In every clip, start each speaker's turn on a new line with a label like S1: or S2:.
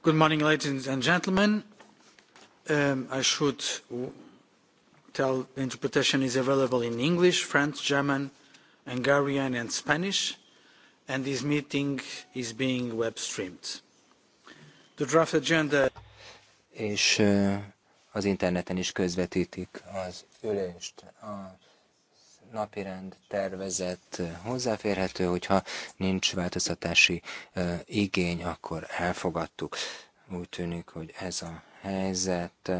S1: Good morning, ladies and gentlemen. Um, I should tell the interpretation is available in English, French, German, Hungarian and Spanish, and this meeting is being web streamed. The draft
S2: agenda és uh, az interneten is közvetítik az ülést napirend tervezett hozzáférhető, hogyha nincs változtatási igény, akkor elfogadtuk. Úgy tűnik, hogy ez a helyzet.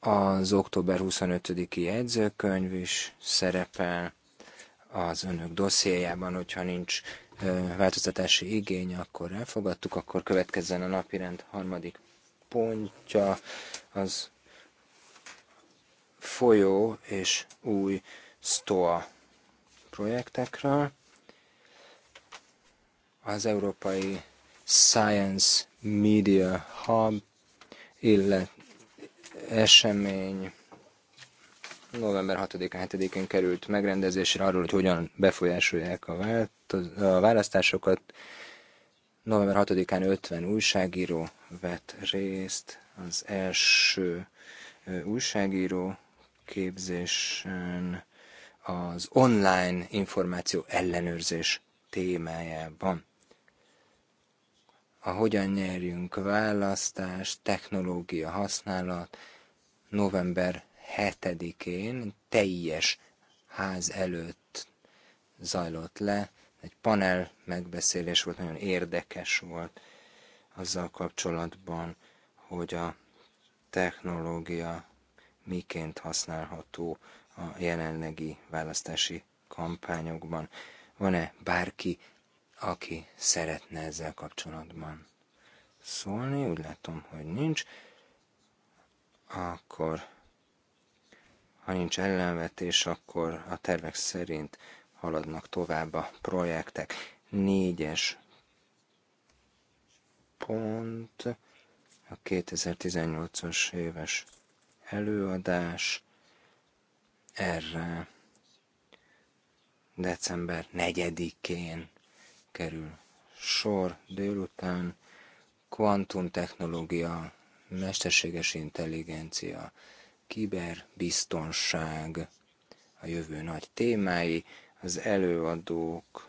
S2: Az október 25-i jegyzőkönyv is szerepel az önök dossziéjában, hogyha nincs változtatási igény, akkor elfogadtuk, akkor következzen a napirend harmadik pontja, az folyó és új STOA projektekről. Az Európai Science Media Hub, illet esemény november 6-7-én került megrendezésre arról, hogy hogyan befolyásolják a, a választásokat. November 6-án 50 újságíró vett részt, az első újságíró képzésen az online információ ellenőrzés témájában. A hogyan nyerjünk választás, technológia használat, november 7-én teljes ház előtt zajlott le, egy panel megbeszélés volt, nagyon érdekes volt azzal kapcsolatban, hogy a technológia miként használható a jelenlegi választási kampányokban. Van-e bárki, aki szeretne ezzel kapcsolatban szólni? Úgy látom, hogy nincs. Akkor, ha nincs ellenvetés, akkor a tervek szerint haladnak tovább a projektek. Négyes pont a 2018-as éves előadás erre december 4-én kerül sor délután, technológia mesterséges intelligencia, kiberbiztonság, a jövő nagy témái, az előadók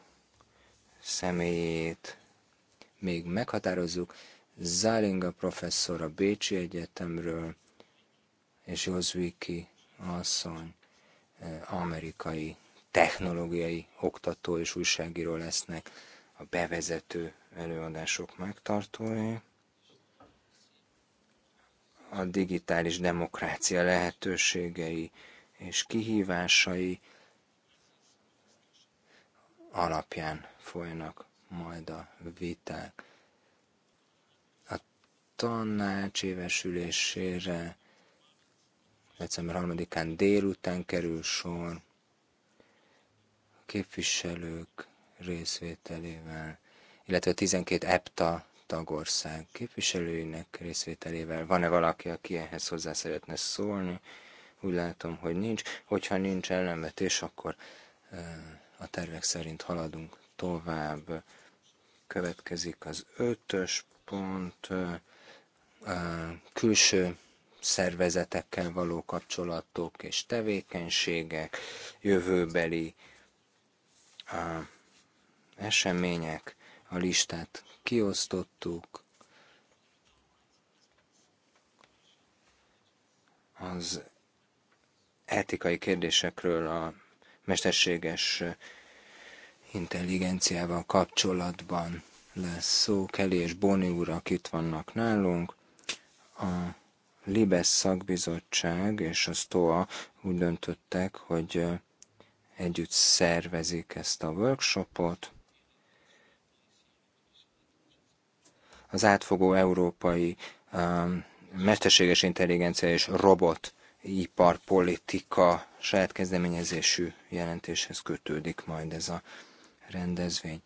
S2: személyét még meghatározzuk. Zálinga professzor a Bécsi Egyetemről, és Jozviki asszony eh, amerikai technológiai oktató és újságíró lesznek a bevezető előadások megtartói. A digitális demokrácia lehetőségei és kihívásai alapján folynak majd a viták. A tanács évesülésére december 3-án délután kerül sor a képviselők részvételével, illetve 12 EPTA tagország képviselőinek részvételével. Van-e valaki, aki ehhez hozzá szeretne szólni? Úgy látom, hogy nincs. Hogyha nincs ellenvetés, akkor a tervek szerint haladunk tovább. Következik az ötös pont, külső szervezetekkel való kapcsolatok és tevékenységek, jövőbeli a események, a listát kiosztottuk, az etikai kérdésekről a mesterséges intelligenciával kapcsolatban lesz szó. Kelly és Boni urak itt vannak nálunk. A Libes szakbizottság és a STOA úgy döntöttek, hogy együtt szervezik ezt a workshopot. Az átfogó európai um, mesterséges intelligencia és robot iparpolitika saját kezdeményezésű jelentéshez kötődik majd ez a rendezvény.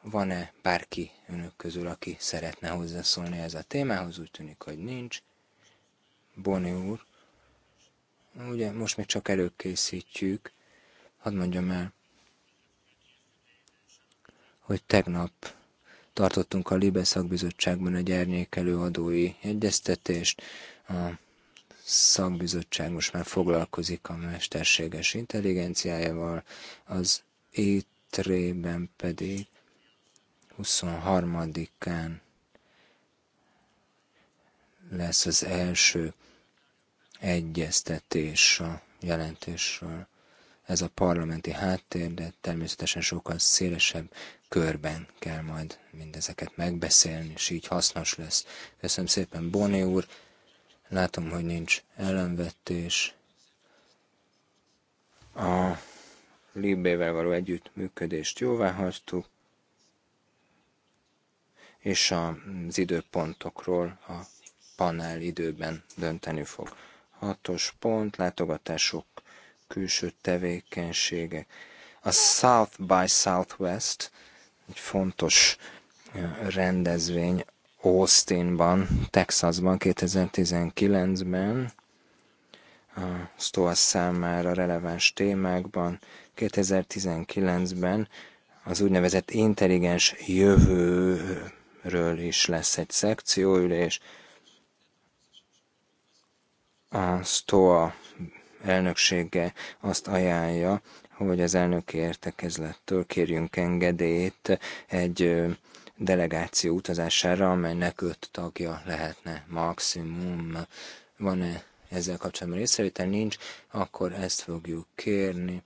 S2: Van-e bárki önök közül, aki szeretne hozzászólni ez a témához? Úgy tűnik, hogy nincs. Boni úr. Ugye most még csak előkészítjük. Hadd mondjam el, hogy tegnap tartottunk a Libe szakbizottságban egy árnyékelőadói egyeztetést. A szakbizottság most már foglalkozik a mesterséges intelligenciájával, az étrében pedig 23-án lesz az első egyeztetés a jelentésről. Ez a parlamenti háttér, de természetesen sokkal szélesebb körben kell majd mindezeket megbeszélni, és így hasznos lesz. Köszönöm szépen, Boni úr! Látom, hogy nincs ellenvetés. A Libével való együttműködést jóvá hagytuk, és az időpontokról a panel időben dönteni fog. Hatos pont, látogatások, külső tevékenységek. A South by Southwest, egy fontos rendezvény Austinban, Texasban 2019-ben, a STOA számára releváns témákban. 2019-ben az úgynevezett intelligens jövőről is lesz egy szekcióülés, a STOA elnöksége azt ajánlja, hogy az elnöki értekezlettől kérjünk engedélyt egy delegáció utazására, amelynek öt tagja lehetne maximum. Van-e ezzel kapcsolatban részvétel? Nincs, akkor ezt fogjuk kérni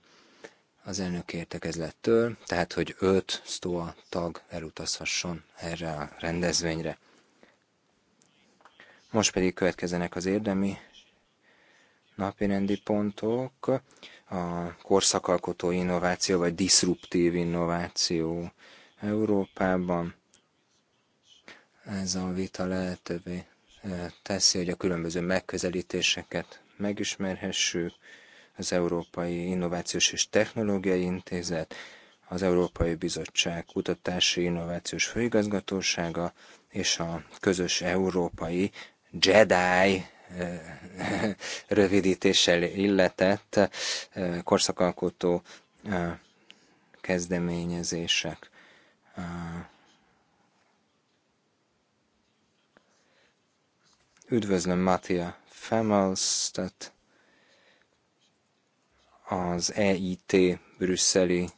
S2: az elnök értekezlettől, tehát hogy öt STOA tag elutazhasson erre a rendezvényre. Most pedig következenek az érdemi napirendi pontok, a korszakalkotó innováció, vagy diszruptív innováció Európában. Ez a vita lehetővé e, teszi, hogy a különböző megközelítéseket megismerhessük, az Európai Innovációs és Technológiai Intézet, az Európai Bizottság Kutatási Innovációs Főigazgatósága és a közös európai JEDI Eh, rövidítéssel illetett eh, korszakalkotó eh, kezdeményezések. Üdvözlöm Mattia Femelstet, az EIT brüsszeli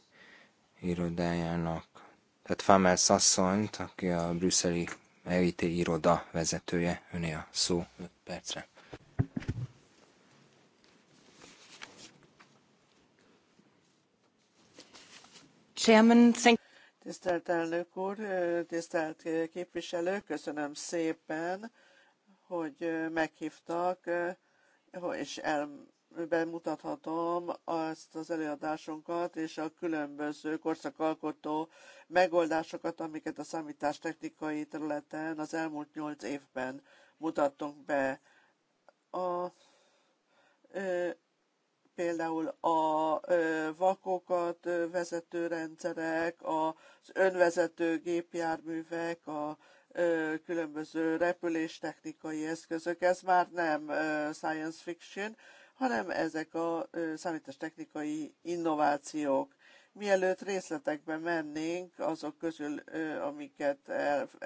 S2: irodájának, tehát femelsz asszonyt, aki a brüsszeli EIT iroda vezetője, öné a szó 5 percre. Chairman, thank
S1: Tisztelt elnök úr, tisztelt képviselő, köszönöm szépen, hogy meghívtak, és el, bemutathatom azt az előadásunkat és a különböző korszakalkotó megoldásokat, amiket a számítástechnikai területen az elmúlt nyolc évben mutattunk be. A, ö, például a vakokat vezető rendszerek, az önvezető gépjárművek, a különböző repüléstechnikai eszközök. Ez már nem science fiction, hanem ezek a számítástechnikai innovációk. Mielőtt részletekbe mennénk azok közül, amiket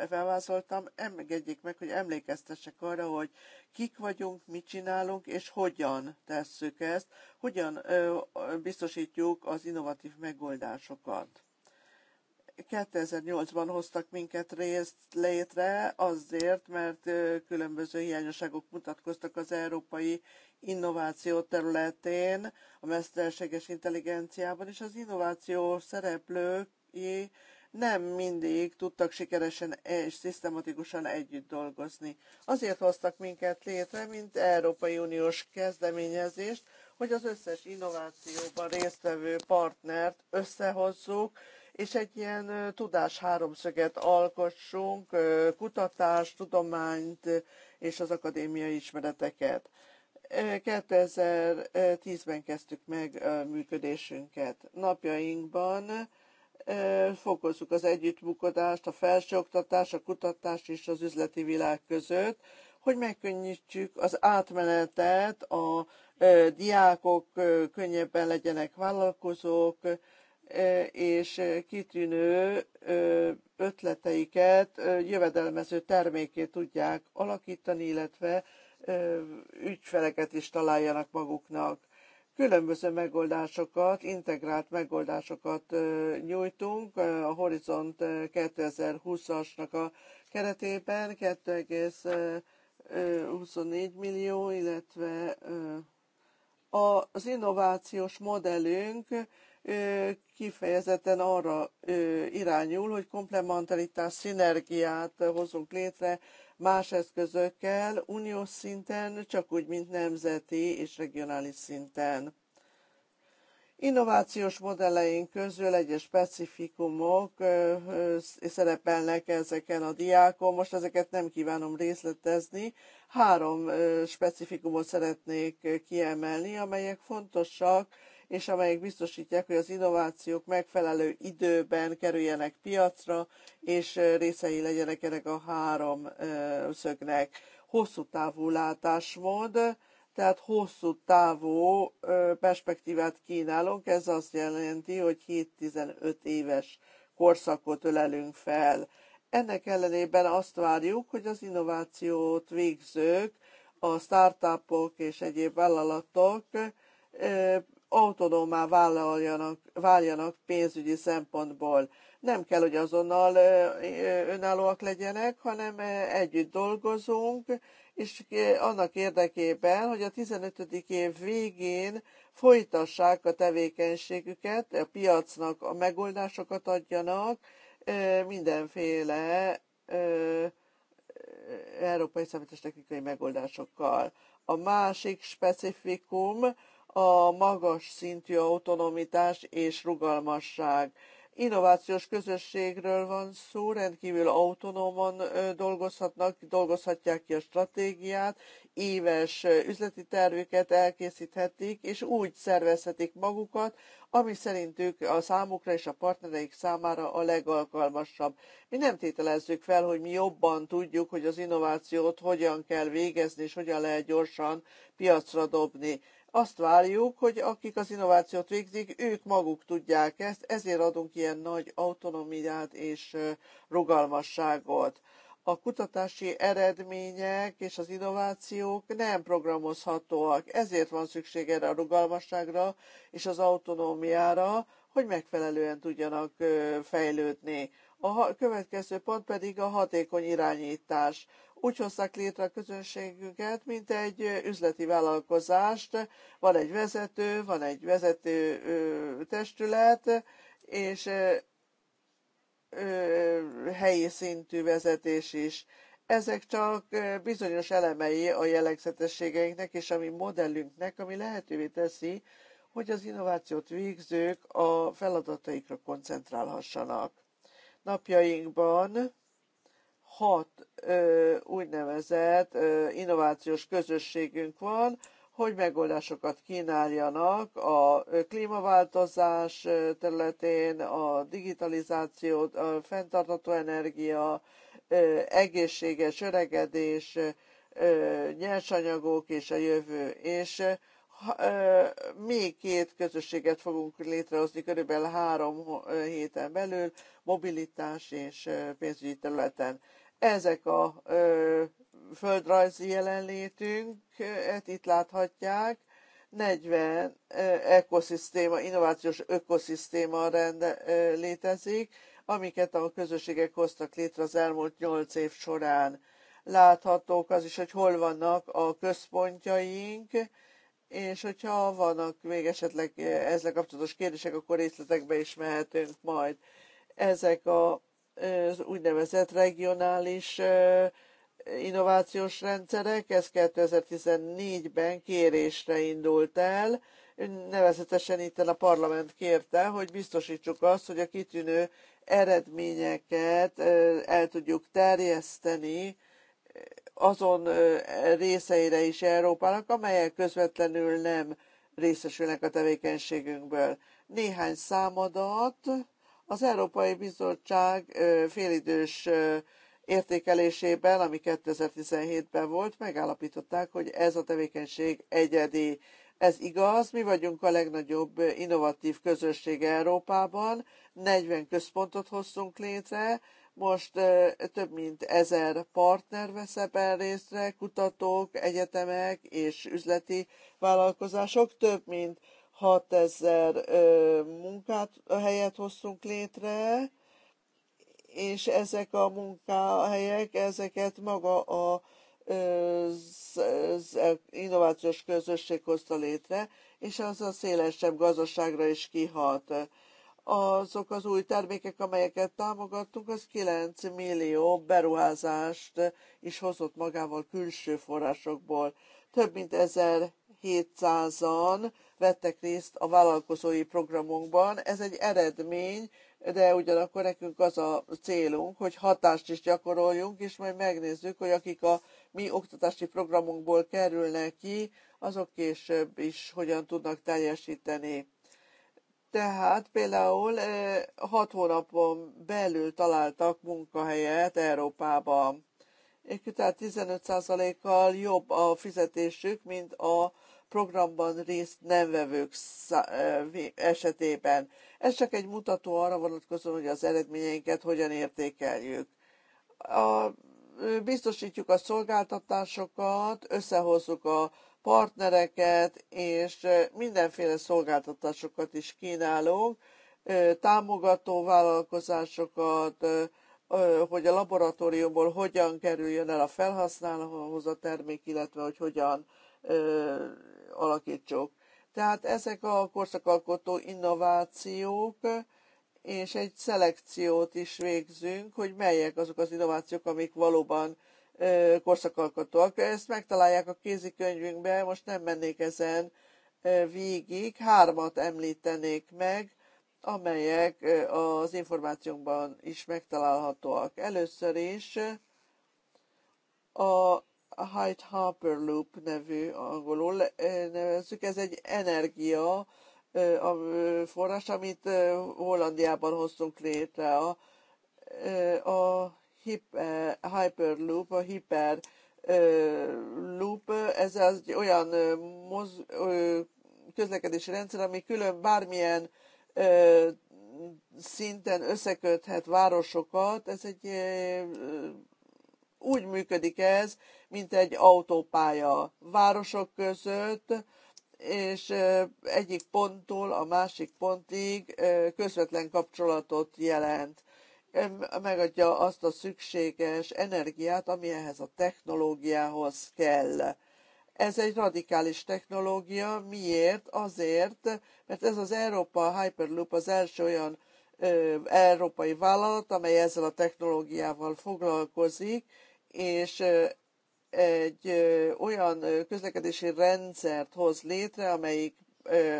S1: felvázoltam, engedjék meg, hogy emlékeztessek arra, hogy kik vagyunk, mit csinálunk, és hogyan tesszük ezt, hogyan biztosítjuk az innovatív megoldásokat. 2008-ban hoztak minket részt létre azért, mert különböző hiányosságok mutatkoztak az európai innováció területén, a mesterséges intelligenciában, és az innováció szereplői nem mindig tudtak sikeresen és szisztematikusan együtt dolgozni. Azért hoztak minket létre, mint Európai Uniós kezdeményezést, hogy az összes innovációban résztvevő partnert összehozzuk, és egy ilyen tudás háromszöget alkossunk, kutatás, tudományt és az akadémiai ismereteket. 2010-ben kezdtük meg működésünket. Napjainkban fokozzuk az együttmunkodást a felsőoktatás, a kutatás és az üzleti világ között, hogy megkönnyítsük az átmenetet, a diákok könnyebben legyenek vállalkozók, és kitűnő ötleteiket jövedelmező terméké tudják alakítani, illetve ügyfeleket is találjanak maguknak. Különböző megoldásokat, integrált megoldásokat nyújtunk a Horizont 2020-asnak a keretében 2,24 millió, illetve az innovációs modellünk kifejezetten arra irányul, hogy komplementaritás szinergiát hozunk létre más eszközökkel, uniós szinten, csak úgy, mint nemzeti és regionális szinten. Innovációs modelleink közül egyes specifikumok szerepelnek ezeken a diákon. Most ezeket nem kívánom részletezni. Három specifikumot szeretnék kiemelni, amelyek fontosak és amelyek biztosítják, hogy az innovációk megfelelő időben kerüljenek piacra, és részei legyenek ennek a három szögnek. Hosszú távú látásmód, tehát hosszú távú perspektívát kínálunk, ez azt jelenti, hogy 7-15 éves korszakot ölelünk fel. Ennek ellenében azt várjuk, hogy az innovációt végzők, a startupok és egyéb vállalatok autonómá vállaljanak, váljanak pénzügyi szempontból. Nem kell, hogy azonnal önállóak legyenek, hanem együtt dolgozunk, és annak érdekében, hogy a 15. év végén folytassák a tevékenységüket, a piacnak a megoldásokat adjanak, mindenféle európai számítástechnikai megoldásokkal. A másik specifikum a magas szintű autonomitás és rugalmasság. Innovációs közösségről van szó, rendkívül autonóman dolgozhatnak, dolgozhatják ki a stratégiát, éves üzleti tervüket elkészíthetik, és úgy szervezhetik magukat, ami szerintük a számukra és a partnereik számára a legalkalmasabb. Mi nem tételezzük fel, hogy mi jobban tudjuk, hogy az innovációt hogyan kell végezni, és hogyan lehet gyorsan piacra dobni azt várjuk, hogy akik az innovációt végzik, ők maguk tudják ezt, ezért adunk ilyen nagy autonomiát és rugalmasságot. A kutatási eredmények és az innovációk nem programozhatóak, ezért van szükség erre a rugalmasságra és az autonómiára, hogy megfelelően tudjanak fejlődni. A következő pont pedig a hatékony irányítás úgy hozták létre a közönségüket, mint egy üzleti vállalkozást. Van egy vezető, van egy vezető testület, és helyi szintű vezetés is. Ezek csak bizonyos elemei a jellegzetességeinknek és a mi modellünknek, ami lehetővé teszi, hogy az innovációt végzők a feladataikra koncentrálhassanak. Napjainkban hat ö, úgynevezett ö, innovációs közösségünk van, hogy megoldásokat kínáljanak a klímaváltozás területén, a digitalizáció, a fenntartható energia, egészséges öregedés, nyersanyagok és a jövő. És még két közösséget fogunk létrehozni körülbelül három héten belül, mobilitás és pénzügyi területen. Ezek a földrajzi jelenlétünket itt láthatják, 40 ekoszisztéma, innovációs ökoszisztéma rende, létezik, amiket a közösségek hoztak létre az elmúlt 8 év során. Láthatók az is, hogy hol vannak a központjaink, és hogyha vannak még esetleg ezzel kapcsolatos kérdések, akkor részletekbe is mehetünk majd. Ezek a az úgynevezett regionális innovációs rendszerek, ez 2014-ben kérésre indult el, nevezetesen itt a parlament kérte, hogy biztosítsuk azt, hogy a kitűnő eredményeket el tudjuk terjeszteni azon részeire is Európának, amelyek közvetlenül nem részesülnek a tevékenységünkből. Néhány számadat, az Európai Bizottság félidős értékelésében, ami 2017-ben volt, megállapították, hogy ez a tevékenység egyedi. Ez igaz, mi vagyunk a legnagyobb innovatív közösség Európában, 40 központot hoztunk létre, most több mint ezer partner vesz ebben részre, kutatók, egyetemek és üzleti vállalkozások, több mint 6000 munkát helyet hoztunk létre, és ezek a munkahelyek, ezeket maga a az e, innovációs közösség hozta létre, és az a szélesebb gazdaságra is kihat. Azok az új termékek, amelyeket támogattunk, az 9 millió beruházást is hozott magával külső forrásokból. Több mint 1700-an vettek részt a vállalkozói programunkban. Ez egy eredmény, de ugyanakkor nekünk az a célunk, hogy hatást is gyakoroljunk, és majd megnézzük, hogy akik a mi oktatási programunkból kerülnek ki, azok később is hogyan tudnak teljesíteni. Tehát például hat hónapon belül találtak munkahelyet Európában. Tehát 15%-kal jobb a fizetésük, mint a programban részt nem vevők esetében. Ez csak egy mutató arra vonatkozó, hogy az eredményeinket hogyan értékeljük. A, biztosítjuk a szolgáltatásokat, összehozzuk a partnereket, és mindenféle szolgáltatásokat is kínálunk, támogató vállalkozásokat, hogy a laboratóriumból hogyan kerüljön el a felhasználóhoz a termék, illetve hogy hogyan alakítsuk. Tehát ezek a korszakalkotó innovációk, és egy szelekciót is végzünk, hogy melyek azok az innovációk, amik valóban korszakalkotóak. Ezt megtalálják a kézikönyvünkben, most nem mennék ezen végig, hármat említenék meg, amelyek az információnkban is megtalálhatóak. Először is a a Hyperloop nevű angolul nevezzük. Ez egy energia a forrás, amit Hollandiában hoztunk létre. A, a Hyperloop, a Hyper Loop, ez az olyan moz, közlekedési rendszer, ami külön bármilyen szinten összeköthet városokat. Ez egy úgy működik ez, mint egy autópálya városok között, és egyik ponttól a másik pontig közvetlen kapcsolatot jelent. Megadja azt a szükséges energiát, ami ehhez a technológiához kell. Ez egy radikális technológia. Miért? Azért, mert ez az Európa Hyperloop az első olyan európai vállalat, amely ezzel a technológiával foglalkozik, és egy olyan közlekedési rendszert hoz létre, amelyik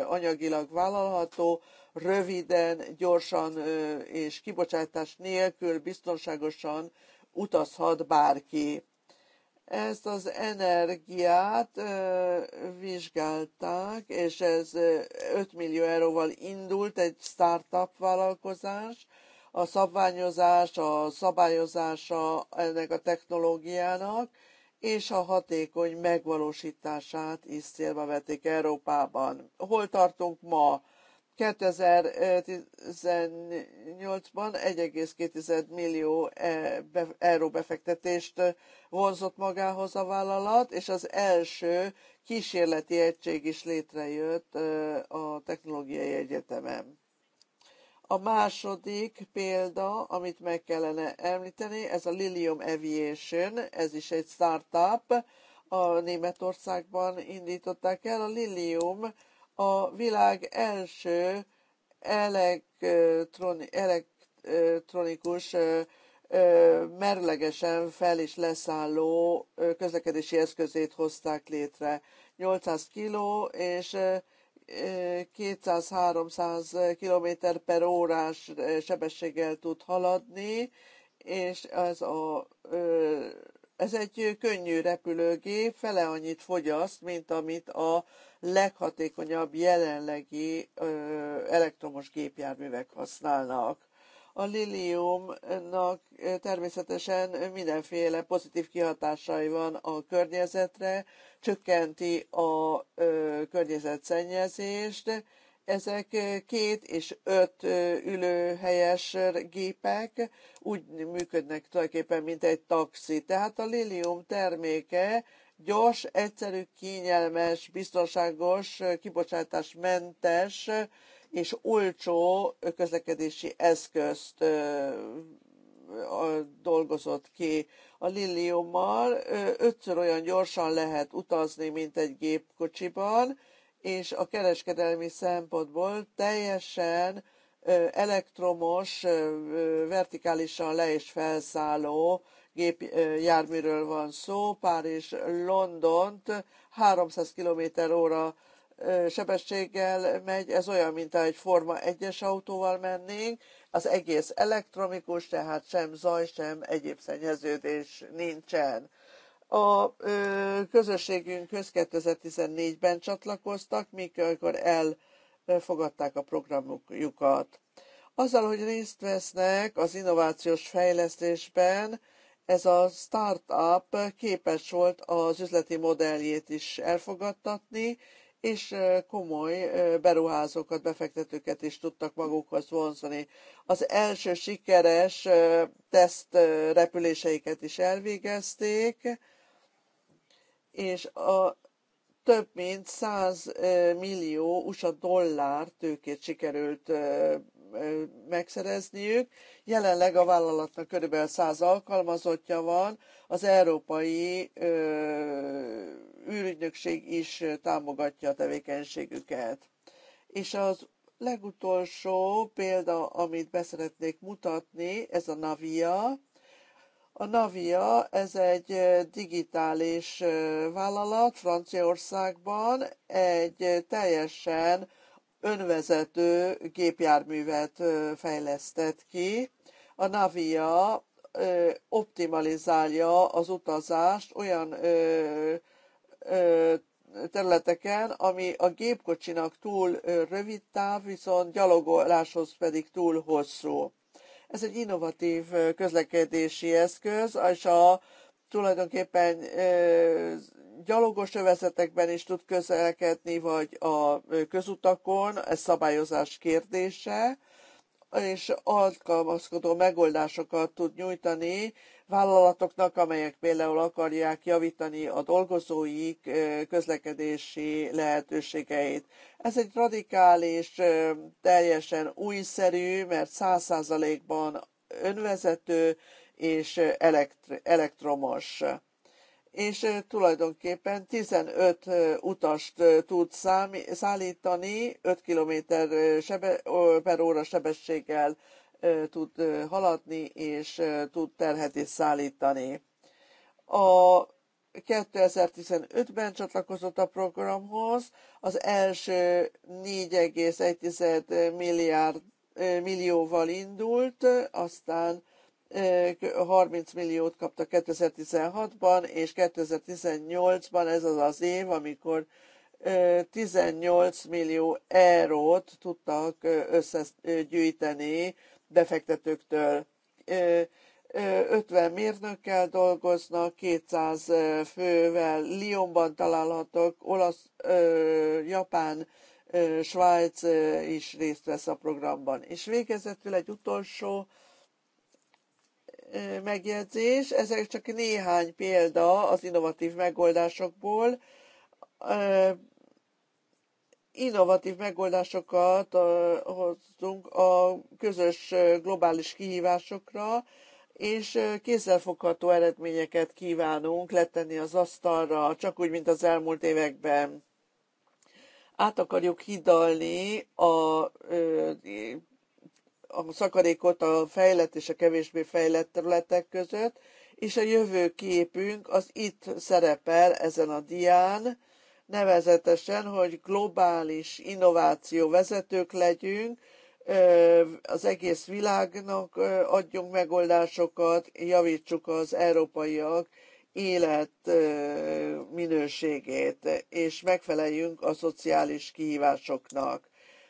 S1: anyagilag vállalható, röviden, gyorsan és kibocsátás nélkül biztonságosan utazhat bárki. Ezt az energiát vizsgálták, és ez 5 millió euróval indult egy startup vállalkozás, a szabványozás, a szabályozása ennek a technológiának, és a hatékony megvalósítását is célba vetik Európában. Hol tartunk ma? 2018-ban 1,2 millió e, euró befektetést vonzott magához a vállalat, és az első kísérleti egység is létrejött e, a Technológiai Egyetemen. A második példa, amit meg kellene említeni, ez a Lilium Aviation, ez is egy startup, a Németországban indították el. A Lilium a világ első elektroni, elektronikus merlegesen fel és leszálló közlekedési eszközét hozták létre. 800 kiló, és 200-300 km per órás sebességgel tud haladni, és ez, a, ez egy könnyű repülőgép, fele annyit fogyaszt, mint amit a leghatékonyabb jelenlegi elektromos gépjárművek használnak. A liliumnak természetesen mindenféle pozitív kihatásai van a környezetre, csökkenti a környezetszennyezést. Ezek két és öt ülőhelyes gépek úgy működnek tulajdonképpen, mint egy taxi. Tehát a lilium terméke gyors, egyszerű, kényelmes, biztonságos, kibocsátásmentes és olcsó közlekedési eszközt dolgozott ki. A Liliummal ötször olyan gyorsan lehet utazni, mint egy gépkocsiban, és a kereskedelmi szempontból teljesen elektromos, vertikálisan le és felszálló gépjárműről van szó. Párizs, Londont 300 km óra sebességgel megy, ez olyan, mint egy Forma 1-es autóval mennénk, az egész elektronikus, tehát sem zaj, sem egyéb szennyeződés nincsen. A ö, köz 2014-ben csatlakoztak, mikor elfogadták a programjukat. Azzal, hogy részt vesznek az innovációs fejlesztésben, ez a startup képes volt az üzleti modelljét is elfogadtatni, és komoly beruházókat, befektetőket is tudtak magukhoz vonzani. Az első sikeres teszt repüléseiket is elvégezték, és a több mint 100 millió USA dollár tőkét sikerült megszerezniük. Jelenleg a vállalatnak körülbelül 100 alkalmazottja van, az európai űrügynökség is támogatja a tevékenységüket. És az legutolsó példa, amit beszeretnék mutatni, ez a Navia. A Navia, ez egy digitális vállalat Franciaországban, egy teljesen önvezető gépjárművet fejlesztett ki. A Navia optimalizálja az utazást olyan területeken, ami a gépkocsinak túl rövid táv, viszont gyalogoláshoz pedig túl hosszú. Ez egy innovatív közlekedési eszköz, és a tulajdonképpen gyalogos övezetekben is tud közelkedni, vagy a közutakon, ez szabályozás kérdése, és alkalmazkodó megoldásokat tud nyújtani vállalatoknak, amelyek például akarják javítani a dolgozóik közlekedési lehetőségeit. Ez egy radikális, teljesen újszerű, mert száz százalékban önvezető és elektromos és tulajdonképpen 15 utast tud szállítani 5 km per óra sebességgel tud haladni, és tud terhet is szállítani. A 2015-ben csatlakozott a programhoz, az első 4,1 milliárd millióval indult, aztán 30 milliót kapta 2016-ban, és 2018-ban ez az az év, amikor 18 millió eurót tudtak összegyűjteni befektetőktől. 50 mérnökkel dolgoznak, 200 fővel, Lyonban találhatók, olasz, japán, Svájc is részt vesz a programban. És végezetül egy utolsó megjegyzés, ezek csak néhány példa az innovatív megoldásokból, innovatív megoldásokat hoztunk a közös globális kihívásokra, és kézzelfogható eredményeket kívánunk letenni az asztalra, csak úgy, mint az elmúlt években. Át akarjuk hidalni a, a szakadékot a fejlett és a kevésbé fejlett területek között, és a jövőképünk az itt szerepel ezen a dián, nevezetesen, hogy globális innováció vezetők legyünk, az egész világnak adjunk megoldásokat, javítsuk az európaiak élet minőségét, és megfeleljünk a szociális kihívásoknak.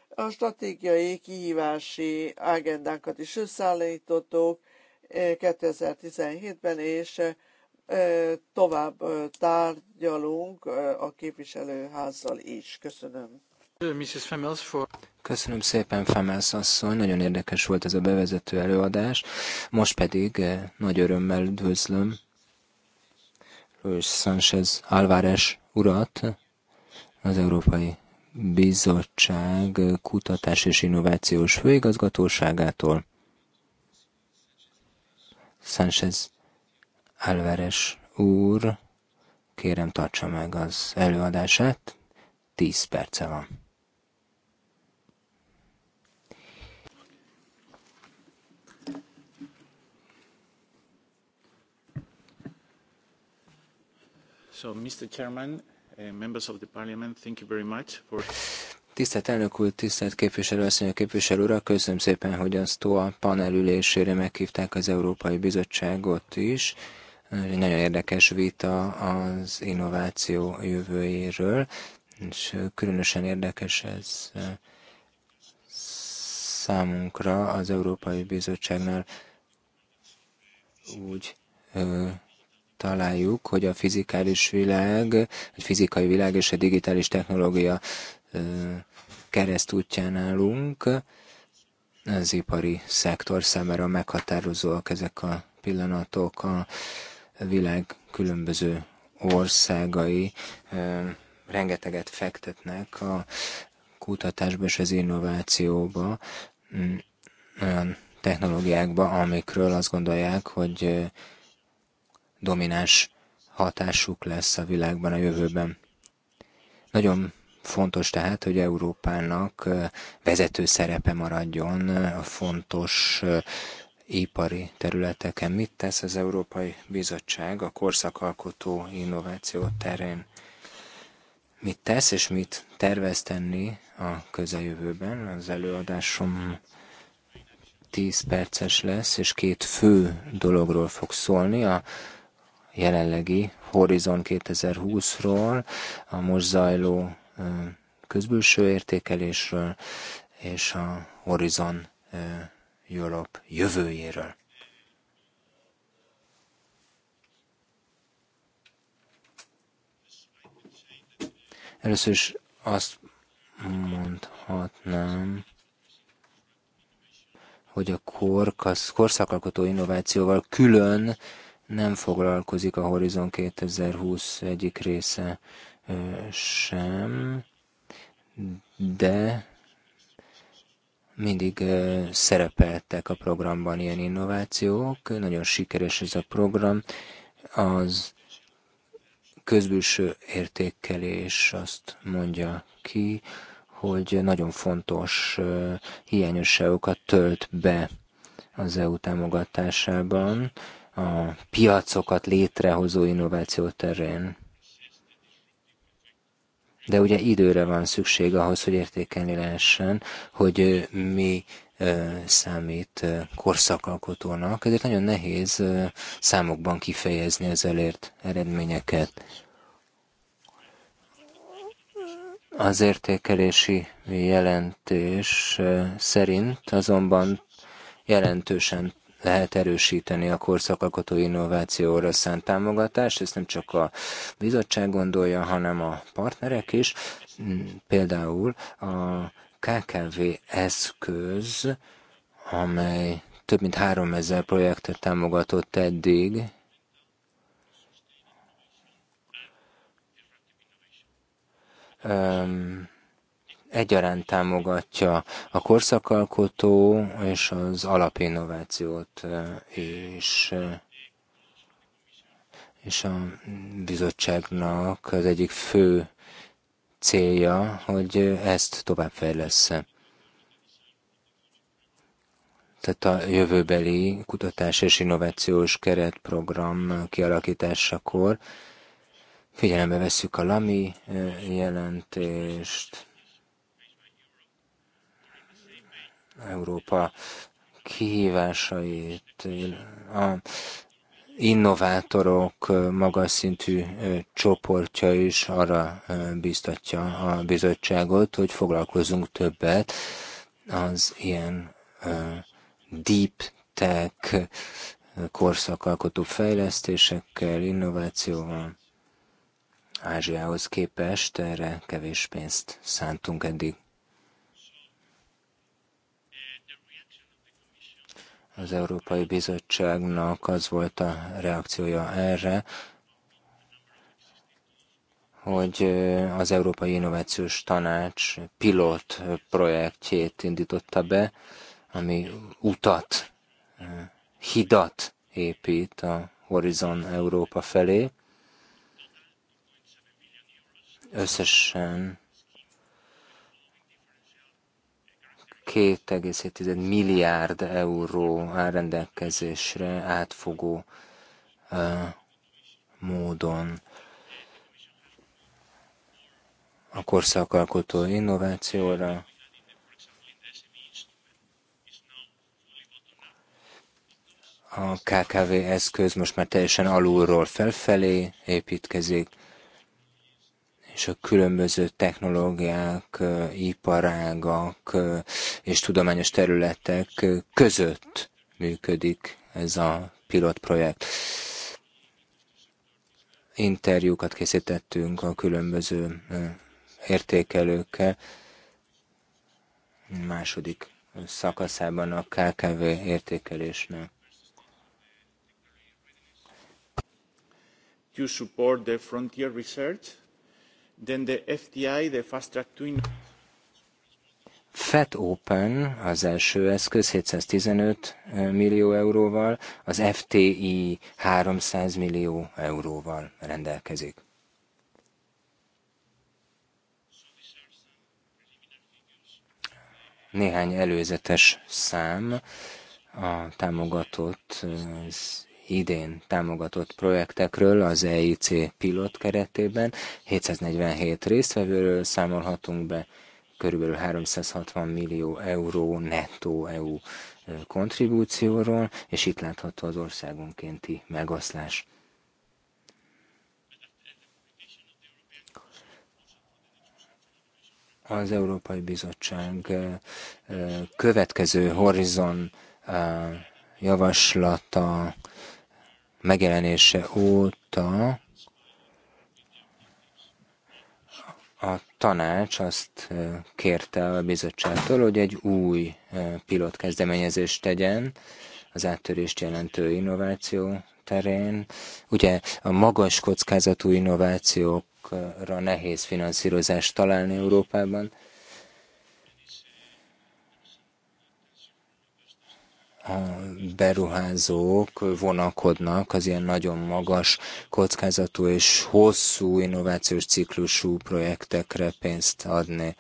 S1: A stratégiai kihívási agendánkat is összeállítottuk 2017-ben, és tovább tárgyalunk a képviselőházzal is. Köszönöm.
S2: Köszönöm szépen, Femelsz asszony, nagyon érdekes volt ez a bevezető előadás. Most pedig nagy örömmel üdvözlöm Luis Sánchez Álvarez urat, az Európai Bizottság Kutatás és Innovációs Főigazgatóságától. Sánchez Alvarez úr, kérem tartsa meg az előadását, 10 perce van. So, Mr. Chairman, uh, members of the parliament, thank you very much for... Tisztelt elnök úr, tisztelt képviselő, asszony, képviselő urak, köszönöm szépen, hogy a STOA panel ülésére meghívták az Európai Bizottságot is egy nagyon érdekes vita az innováció jövőjéről, és különösen érdekes ez számunkra az Európai Bizottságnál úgy ö, találjuk, hogy a fizikális világ, a fizikai világ és a digitális technológia ö, keresztútján állunk. Az ipari szektor számára meghatározóak ezek a pillanatok. A, világ különböző országai rengeteget fektetnek a kutatásba és az innovációba, mm, olyan technológiákba, amikről azt gondolják, hogy domináns hatásuk lesz a világban a jövőben. Nagyon fontos tehát, hogy Európának vezető szerepe maradjon a fontos ipari területeken mit tesz az Európai Bizottság a korszakalkotó innováció terén? Mit tesz és mit tervez tenni a közeljövőben? Az előadásom 10 perces lesz, és két fő dologról fog szólni, a jelenlegi Horizon 2020-ról, a most zajló közbülső értékelésről, és a Horizon Europe jövőjéről. Először is azt mondhatnám, hogy a az korszakalkotó innovációval külön nem foglalkozik a Horizon 2020 egyik része sem, de mindig szerepeltek a programban ilyen innovációk. Nagyon sikeres ez a program. Az közbülső értékelés azt mondja ki, hogy nagyon fontos hiányosságokat tölt be az EU támogatásában a piacokat létrehozó innováció terén de ugye időre van szükség ahhoz, hogy értékelni lehessen, hogy mi számít korszakalkotónak, ezért nagyon nehéz számokban kifejezni az elért eredményeket. Az értékelési jelentés szerint azonban jelentősen lehet erősíteni a korszakalkotó innovációra szánt támogatást, ezt nem csak a bizottság gondolja, hanem a partnerek is. Például a KKV eszköz, amely több mint 3000 projektet támogatott eddig, um, egyaránt támogatja a korszakalkotó és az alapinnovációt és És a bizottságnak az egyik fő célja, hogy ezt továbbfejlesz-e. Tehát a jövőbeli kutatás és innovációs keretprogram kialakításakor figyelembe vesszük a LAMI jelentést, Európa kihívásait, a innovátorok magas szintű csoportja is arra biztatja a bizottságot, hogy foglalkozunk többet az ilyen deep tech korszakalkotó fejlesztésekkel, innovációval. Ázsiához képest erre kevés pénzt szántunk eddig. Az Európai Bizottságnak az volt a reakciója erre, hogy az Európai Innovációs Tanács pilot projektjét indította be, ami utat, hidat épít a Horizon Európa felé. Összesen 2,7 milliárd euró áll rendelkezésre átfogó módon a korszakalkotó innovációra, a KKV eszköz most már teljesen alulról felfelé építkezik, és a különböző technológiák, iparágak és tudományos területek között működik ez a pilotprojekt. Interjúkat készítettünk a különböző értékelőkkel. Második szakaszában a KKV értékelésnek.
S1: You support the frontier research Then the FTI, the fast track
S2: FET Open az első eszköz 715 millió euróval, az FTI 300 millió euróval rendelkezik. Néhány előzetes szám a támogatott az idén támogatott projektekről az EIC pilot keretében 747 résztvevőről számolhatunk be, körülbelül 360 millió euró nettó EU kontribúcióról, és itt látható az országonkénti megoszlás. Az Európai Bizottság következő horizon javaslata megjelenése óta a tanács azt kérte a bizottságtól, hogy egy új pilot kezdeményezést tegyen az áttörést jelentő innováció terén. Ugye a magas kockázatú innovációkra nehéz finanszírozást találni Európában, a beruházók vonakodnak az ilyen nagyon magas kockázatú és hosszú innovációs ciklusú projektekre pénzt adni.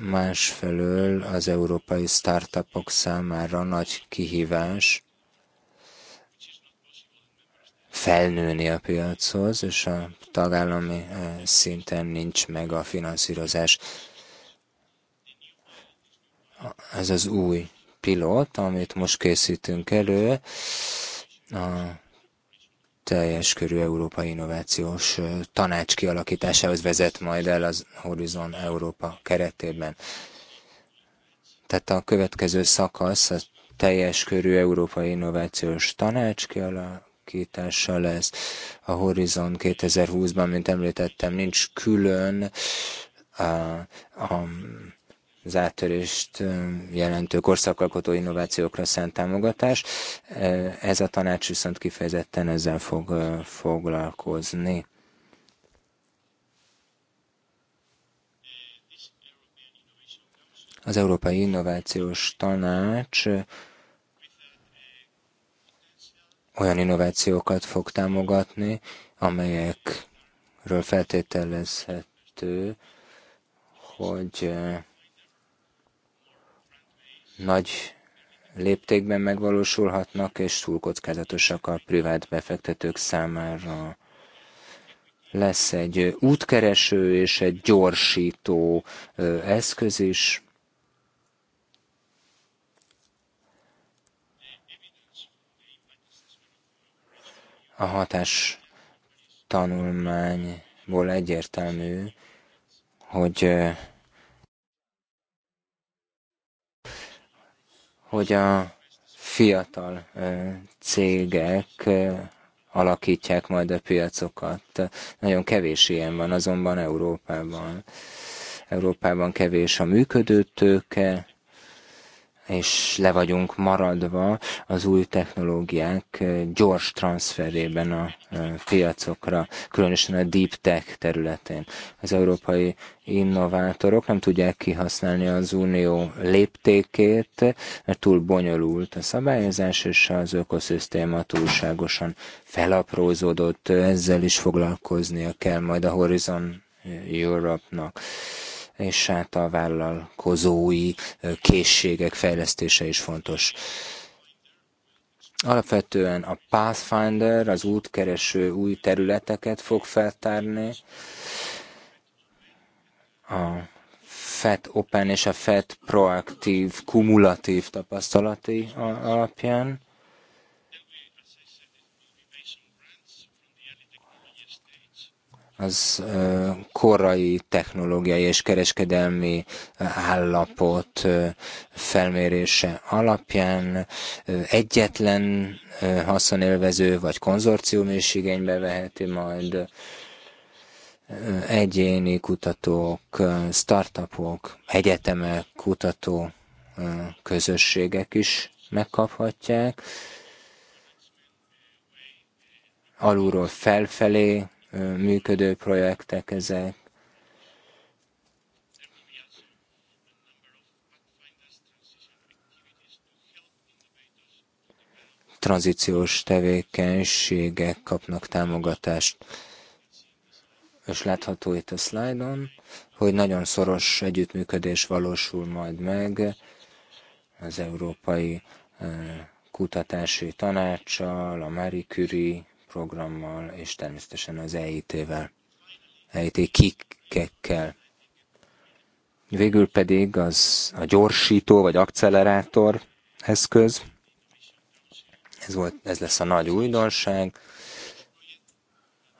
S2: Másfelől az európai startupok számára nagy kihívás felnőni a piachoz, és a tagállami eh, szinten nincs meg a finanszírozás ez az új pilot, amit most készítünk elő, a teljes körű Európai Innovációs Tanács kialakításához vezet majd el az Horizon Európa keretében. Tehát a következő szakasz a teljes körű Európai Innovációs Tanács kialakítása lesz. A Horizon 2020-ban, mint említettem, nincs külön a, a az áttörést jelentő korszakalkotó innovációkra szánt támogatás. Ez a tanács viszont kifejezetten ezzel fog foglalkozni. Az Európai Innovációs Tanács olyan innovációkat fog támogatni, amelyekről feltételezhető, hogy nagy léptékben megvalósulhatnak, és túl kockázatosak a privát befektetők számára. Lesz egy útkereső és egy gyorsító eszköz is. A hatás tanulmányból egyértelmű, hogy hogy a fiatal cégek alakítják majd a piacokat. Nagyon kevés ilyen van azonban Európában. Európában kevés a működő tőke, és le vagyunk maradva az új technológiák gyors transferében a piacokra, különösen a deep tech területén. Az európai innovátorok nem tudják kihasználni az unió léptékét, mert túl bonyolult a szabályozás, és az ökoszisztéma túlságosan felaprózódott, ezzel is foglalkoznia kell majd a Horizon Europe-nak és hát a vállalkozói készségek fejlesztése is fontos. Alapvetően a Pathfinder, az útkereső új területeket fog feltárni, a FET Open és a FET Proaktív kumulatív tapasztalati alapján az korai technológiai és kereskedelmi állapot felmérése alapján egyetlen haszonélvező vagy konzorcium is igénybe veheti majd egyéni kutatók, startupok, egyetemek, kutató közösségek is megkaphatják. Alulról felfelé működő projektek ezek. Tranzíciós tevékenységek kapnak támogatást. És látható itt a szlájdon, hogy nagyon szoros együttműködés valósul majd meg az Európai Kutatási Tanácssal, a Marie Curie programmal, és természetesen az EIT-vel, EIT kikekkel. Végül pedig az a gyorsító vagy accelerátor eszköz. Ez, volt, ez lesz a nagy újdonság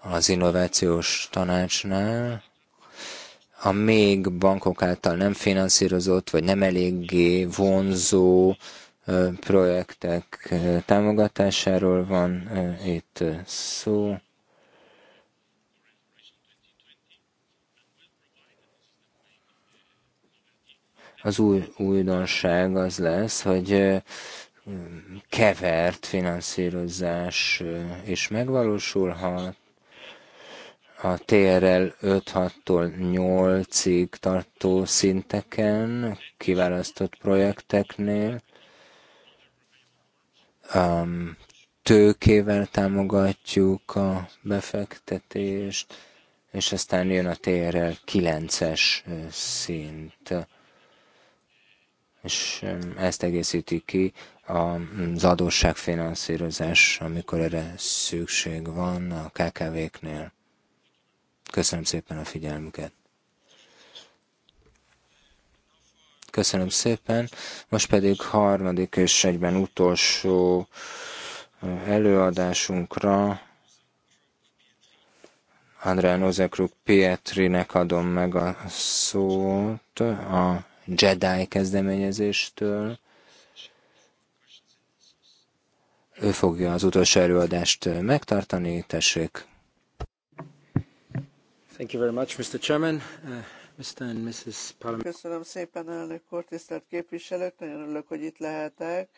S2: az innovációs tanácsnál. A még bankok által nem finanszírozott, vagy nem eléggé vonzó projektek támogatásáról van itt szó. Az új újdonság az lesz, hogy kevert finanszírozás is megvalósulhat, a TRL 5-6-tól 8-ig tartó szinteken, kiválasztott projekteknél, tőkével támogatjuk a befektetést, és aztán jön a TRL 9-es szint. És ezt egészíti ki az adósságfinanszírozás, amikor erre szükség van a KKV-knél. Köszönöm szépen a figyelmüket! Köszönöm szépen. Most pedig harmadik és egyben utolsó előadásunkra Andrán Nozekruk, Pietrinek adom meg a szót a Jedi kezdeményezéstől. Ő fogja az utolsó előadást megtartani, tessék.
S1: Thank you very much, Mr. Chairman. Uh, Köszönöm szépen, elnök úr, tisztelt képviselők, nagyon örülök, hogy itt lehetek.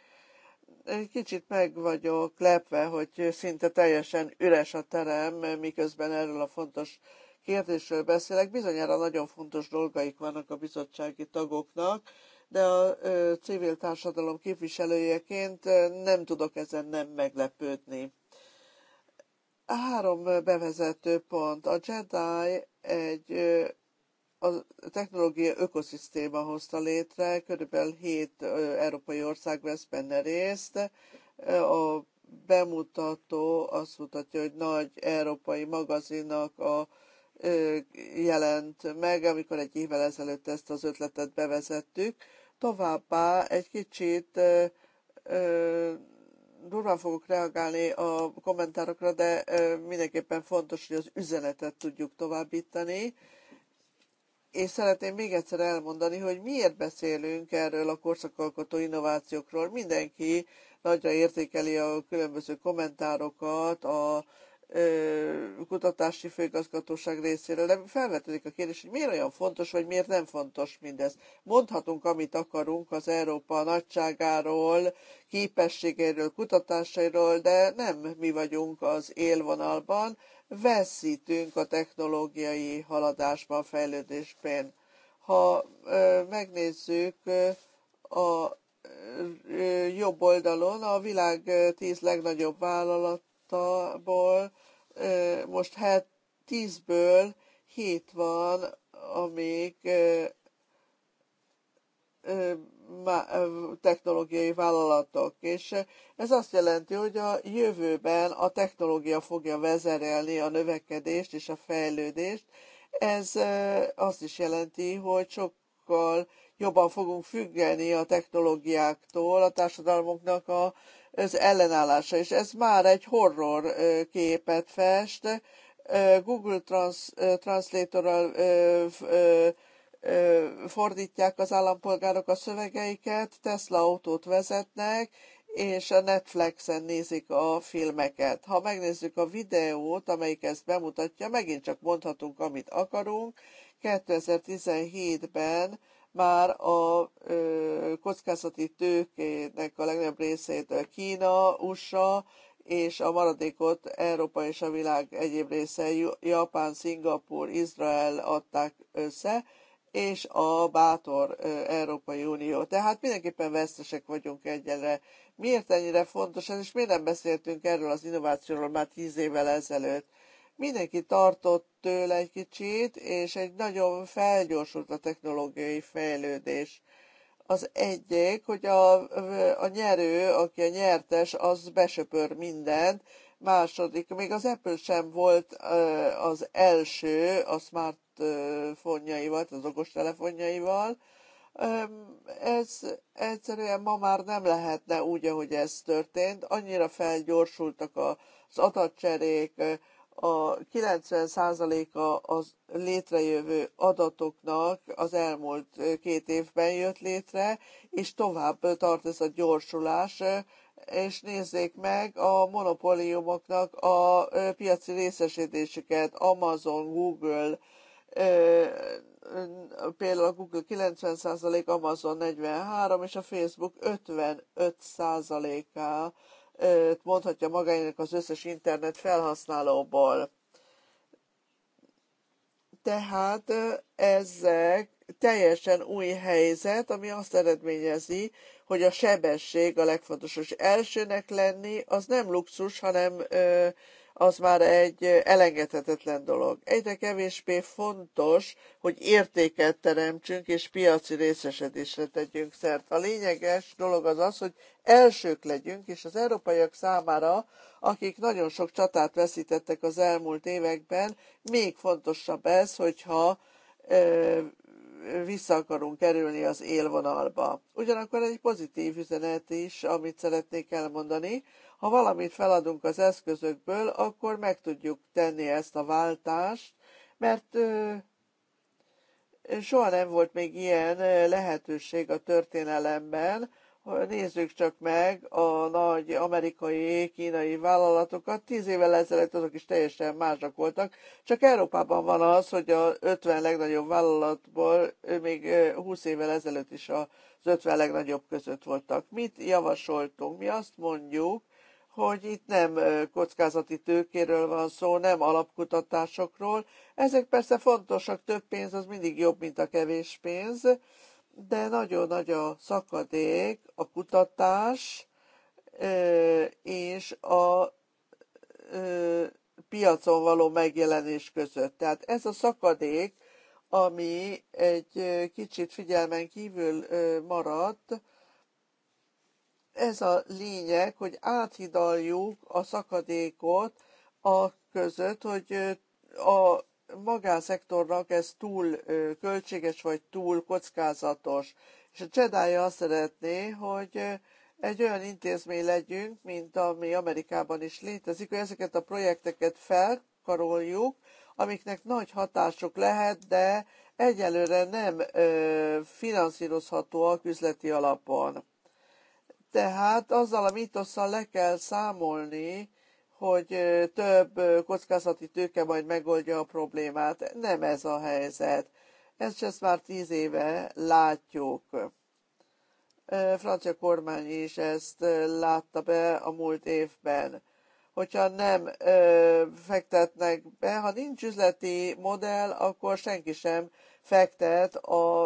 S1: Egy kicsit meg vagyok lepve, hogy szinte teljesen üres a terem, miközben erről a fontos kérdésről beszélek. Bizonyára nagyon fontos dolgaik vannak a bizottsági tagoknak, de a ö, civil társadalom képviselőjeként nem tudok ezen nem meglepődni. Három bevezető pont. A Jedi egy a technológia ökoszisztéma hozta létre, körülbelül hét európai ország vesz benne részt. A bemutató azt mutatja, hogy nagy európai magazinnak a jelent meg, amikor egy évvel ezelőtt ezt az ötletet bevezettük. Továbbá egy kicsit durván fogok reagálni a kommentárokra, de mindenképpen fontos, hogy az üzenetet tudjuk továbbítani és szeretném még egyszer elmondani, hogy miért beszélünk erről a korszakalkotó innovációkról. Mindenki nagyra értékeli a különböző kommentárokat, a kutatási főigazgatóság részéről, de felvetődik a kérdés, hogy miért olyan fontos, vagy miért nem fontos mindez. Mondhatunk, amit akarunk az Európa nagyságáról, képességéről, kutatásairól, de nem mi vagyunk az élvonalban, veszítünk a technológiai haladásban, fejlődésben. Ha megnézzük a jobb oldalon a világ tíz legnagyobb vállalatából, most hát tízből hét van, amik technológiai vállalatok. És ez azt jelenti, hogy a jövőben a technológia fogja vezerelni a növekedést és a fejlődést. Ez azt is jelenti, hogy sokkal jobban fogunk függeni a technológiáktól, a társadalmunknak a, az ellenállása. És ez már egy horror képet fest. Google Trans, Translatorral fordítják az állampolgárok a szövegeiket, Tesla autót vezetnek, és a Netflixen nézik a filmeket. Ha megnézzük a videót, amelyik ezt bemutatja, megint csak mondhatunk, amit akarunk. 2017-ben már a ö, kockázati tőkének a legnagyobb részét Kína, USA, és a maradékot Európa és a világ egyéb része, Japán, Szingapur, Izrael adták össze, és a bátor Európai Unió. Tehát mindenképpen vesztesek vagyunk egyenre. Miért ennyire fontos ez, és miért nem beszéltünk erről az innovációról már tíz évvel ezelőtt? Mindenki tartott tőle egy kicsit, és egy nagyon felgyorsult a technológiai fejlődés. Az egyik, hogy a, a nyerő, aki a nyertes, az besöpör mindent, második, még az Apple sem volt az első a smart smartfonjaival, az okos telefonjaival. Ez egyszerűen ma már nem lehetne úgy, ahogy ez történt. Annyira felgyorsultak az adatcserék, a 90%-a az létrejövő adatoknak az elmúlt két évben jött létre, és tovább tart ez a gyorsulás, és nézzék meg a monopóliumoknak a piaci részesedésüket, Amazon, Google, például a Google 90%, Amazon 43% és a Facebook 55 át mondhatja magának az összes internet felhasználóból. Tehát ezek teljesen új helyzet, ami azt eredményezi, hogy a sebesség a legfontosabb. És elsőnek lenni az nem luxus, hanem az már egy elengedhetetlen dolog. Egyre kevésbé fontos, hogy értéket teremtsünk és piaci részesedésre tegyünk szert. A lényeges dolog az az, hogy elsők legyünk, és az európaiak számára, akik nagyon sok csatát veszítettek az elmúlt években, még fontosabb ez, hogyha vissza akarunk kerülni az élvonalba. Ugyanakkor egy pozitív üzenet is, amit szeretnék elmondani. Ha valamit feladunk az eszközökből, akkor meg tudjuk tenni ezt a váltást, mert ö, soha nem volt még ilyen lehetőség a történelemben, Nézzük csak meg a nagy amerikai, kínai vállalatokat. Tíz évvel ezelőtt azok is teljesen másak voltak. Csak Európában van az, hogy a 50 legnagyobb vállalatból még 20 évvel ezelőtt is az 50 legnagyobb között voltak. Mit javasoltunk? Mi azt mondjuk, hogy itt nem kockázati tőkéről van szó, nem alapkutatásokról. Ezek persze fontosak, több pénz az mindig jobb, mint a kevés pénz, de nagyon nagy a szakadék a kutatás és a piacon való megjelenés között. Tehát ez a szakadék, ami egy kicsit figyelmen kívül maradt, ez a lényeg, hogy áthidaljuk a szakadékot a között, hogy a magánszektornak ez túl költséges vagy túl kockázatos. És a csedája azt szeretné, hogy egy olyan intézmény legyünk, mint ami Amerikában is létezik, hogy ezeket a projekteket felkaroljuk, amiknek nagy hatások lehet, de egyelőre nem finanszírozható finanszírozhatóak üzleti alapon. Tehát azzal a mítosszal le kell számolni, hogy több kockázati tőke majd megoldja a problémát. Nem ez a helyzet. Ezt ezt már tíz éve látjuk. Francia kormány is ezt látta be a múlt évben. Hogyha nem ö, fektetnek be, ha nincs üzleti modell, akkor senki sem fektet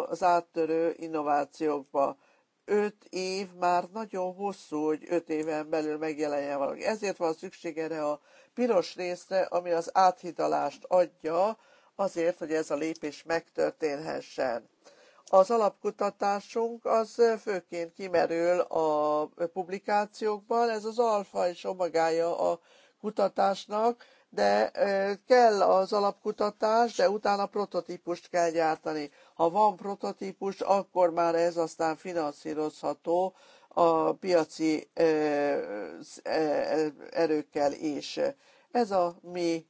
S1: az áttörő innovációkba öt év már nagyon hosszú, hogy öt éven belül megjelenjen valaki. Ezért van szükség erre a piros részre, ami az áthidalást adja, azért, hogy ez a lépés megtörténhessen. Az alapkutatásunk az főként kimerül a publikációkban, ez az alfa és omagája a kutatásnak, de kell az alapkutatás, de utána prototípust kell gyártani. Ha van prototípus, akkor már ez aztán finanszírozható a piaci erőkkel is. Ez a mi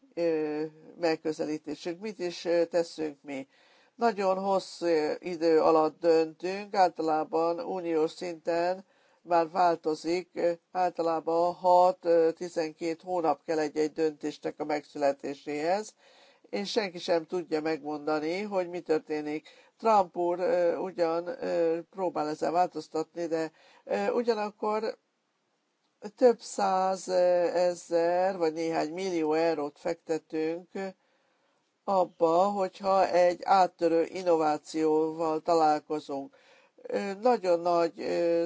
S1: megközelítésünk. Mit is teszünk mi? Nagyon hosszú idő alatt döntünk, általában uniós szinten már változik, általában 6-12 hónap kell egy-egy döntésnek a megszületéséhez, és senki sem tudja megmondani, hogy mi történik. Trump úr ugyan próbál ezzel változtatni, de ugyanakkor több száz ezer, vagy néhány millió eurót fektetünk abba, hogyha egy áttörő innovációval találkozunk nagyon nagy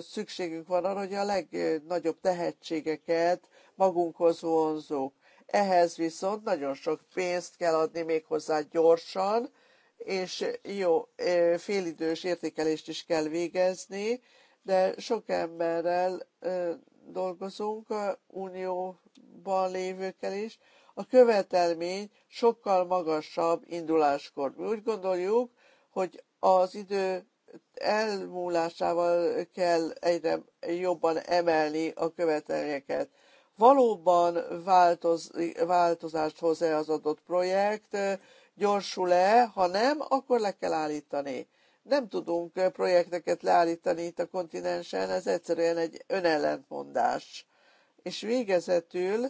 S1: szükségünk van arra, hogy a legnagyobb tehetségeket magunkhoz vonzunk. Ehhez viszont nagyon sok pénzt kell adni még hozzá gyorsan, és jó félidős értékelést is kell végezni, de sok emberrel dolgozunk, a unióban lévőkkel is. A követelmény sokkal magasabb induláskor. Mi úgy gondoljuk, hogy az idő elmúlásával kell egyre jobban emelni a követelményeket. Valóban változ, változást hoz-e az adott projekt, gyorsul-e, ha nem, akkor le kell állítani. Nem tudunk projekteket leállítani itt a kontinensen, ez egyszerűen egy önellentmondás. És végezetül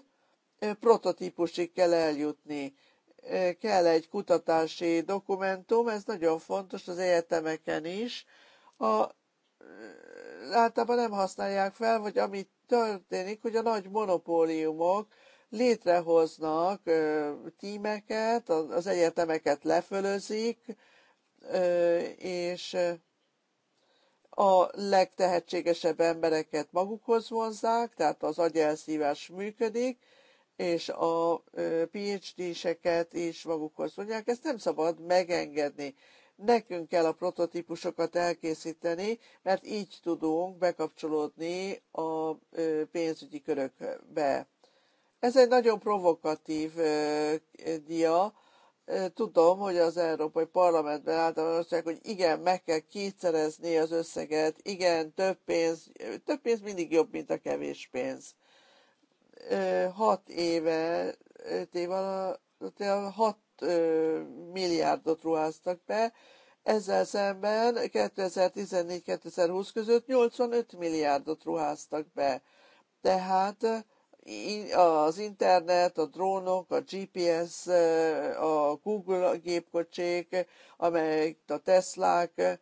S1: prototípusig kell eljutni kell egy kutatási dokumentum, ez nagyon fontos az egyetemeken is. A, általában nem használják fel, vagy ami történik, hogy a nagy monopóliumok létrehoznak ö, tímeket, az egyetemeket lefölözik, ö, és a legtehetségesebb embereket magukhoz vonzák, tehát az agyelszívás működik, és a PhD-seket is magukhoz mondják, ezt nem szabad megengedni. Nekünk kell a prototípusokat elkészíteni, mert így tudunk bekapcsolódni a pénzügyi körökbe. Ez egy nagyon provokatív dia, tudom, hogy az Európai Parlamentben általában azt hogy igen, meg kell kétszerezni az összeget, igen, több pénz, több pénz mindig jobb, mint a kevés pénz hat éve, öt év alatt 6 milliárdot ruháztak be, ezzel szemben 2014-2020 között 85 milliárdot ruháztak be. Tehát az internet, a drónok, a GPS, a Google gépkocsik, amelyek a Teslák,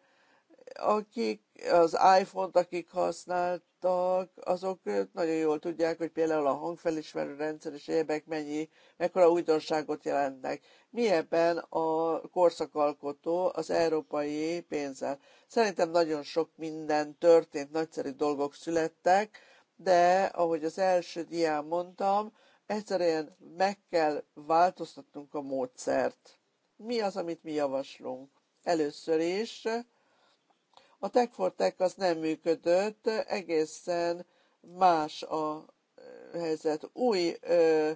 S1: akik az iPhone-t, akik használt, gazdák, azok nagyon jól tudják, hogy például a hangfelismerő rendszer és egyebek mennyi, mekkora újdonságot jelentnek. Mi ebben a korszakalkotó az európai pénzzel? Szerintem nagyon sok minden történt, nagyszerű dolgok születtek, de ahogy az első dián mondtam, egyszerűen meg kell változtatnunk a módszert. Mi az, amit mi javaslunk? Először is a Tech for Tech az nem működött, egészen más a helyzet. Új ö,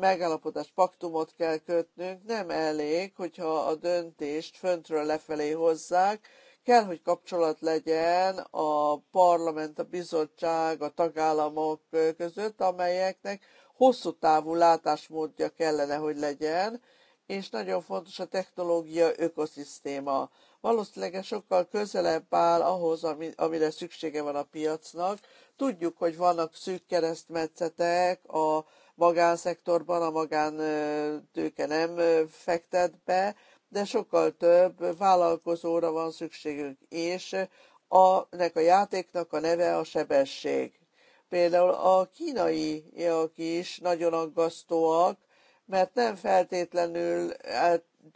S1: megállapodás paktumot kell kötnünk, nem elég, hogyha a döntést föntről lefelé hozzák, kell, hogy kapcsolat legyen a parlament, a bizottság, a tagállamok között, amelyeknek hosszú távú látásmódja kellene, hogy legyen, és nagyon fontos a technológia ökoszisztéma valószínűleg sokkal közelebb áll ahhoz, ami, amire szüksége van a piacnak. Tudjuk, hogy vannak szűk keresztmetszetek, a magánszektorban a magántőke nem fektet be, de sokkal több vállalkozóra van szükségünk, és a, nek a játéknak a neve a sebesség. Például a kínaiak is nagyon aggasztóak, mert nem feltétlenül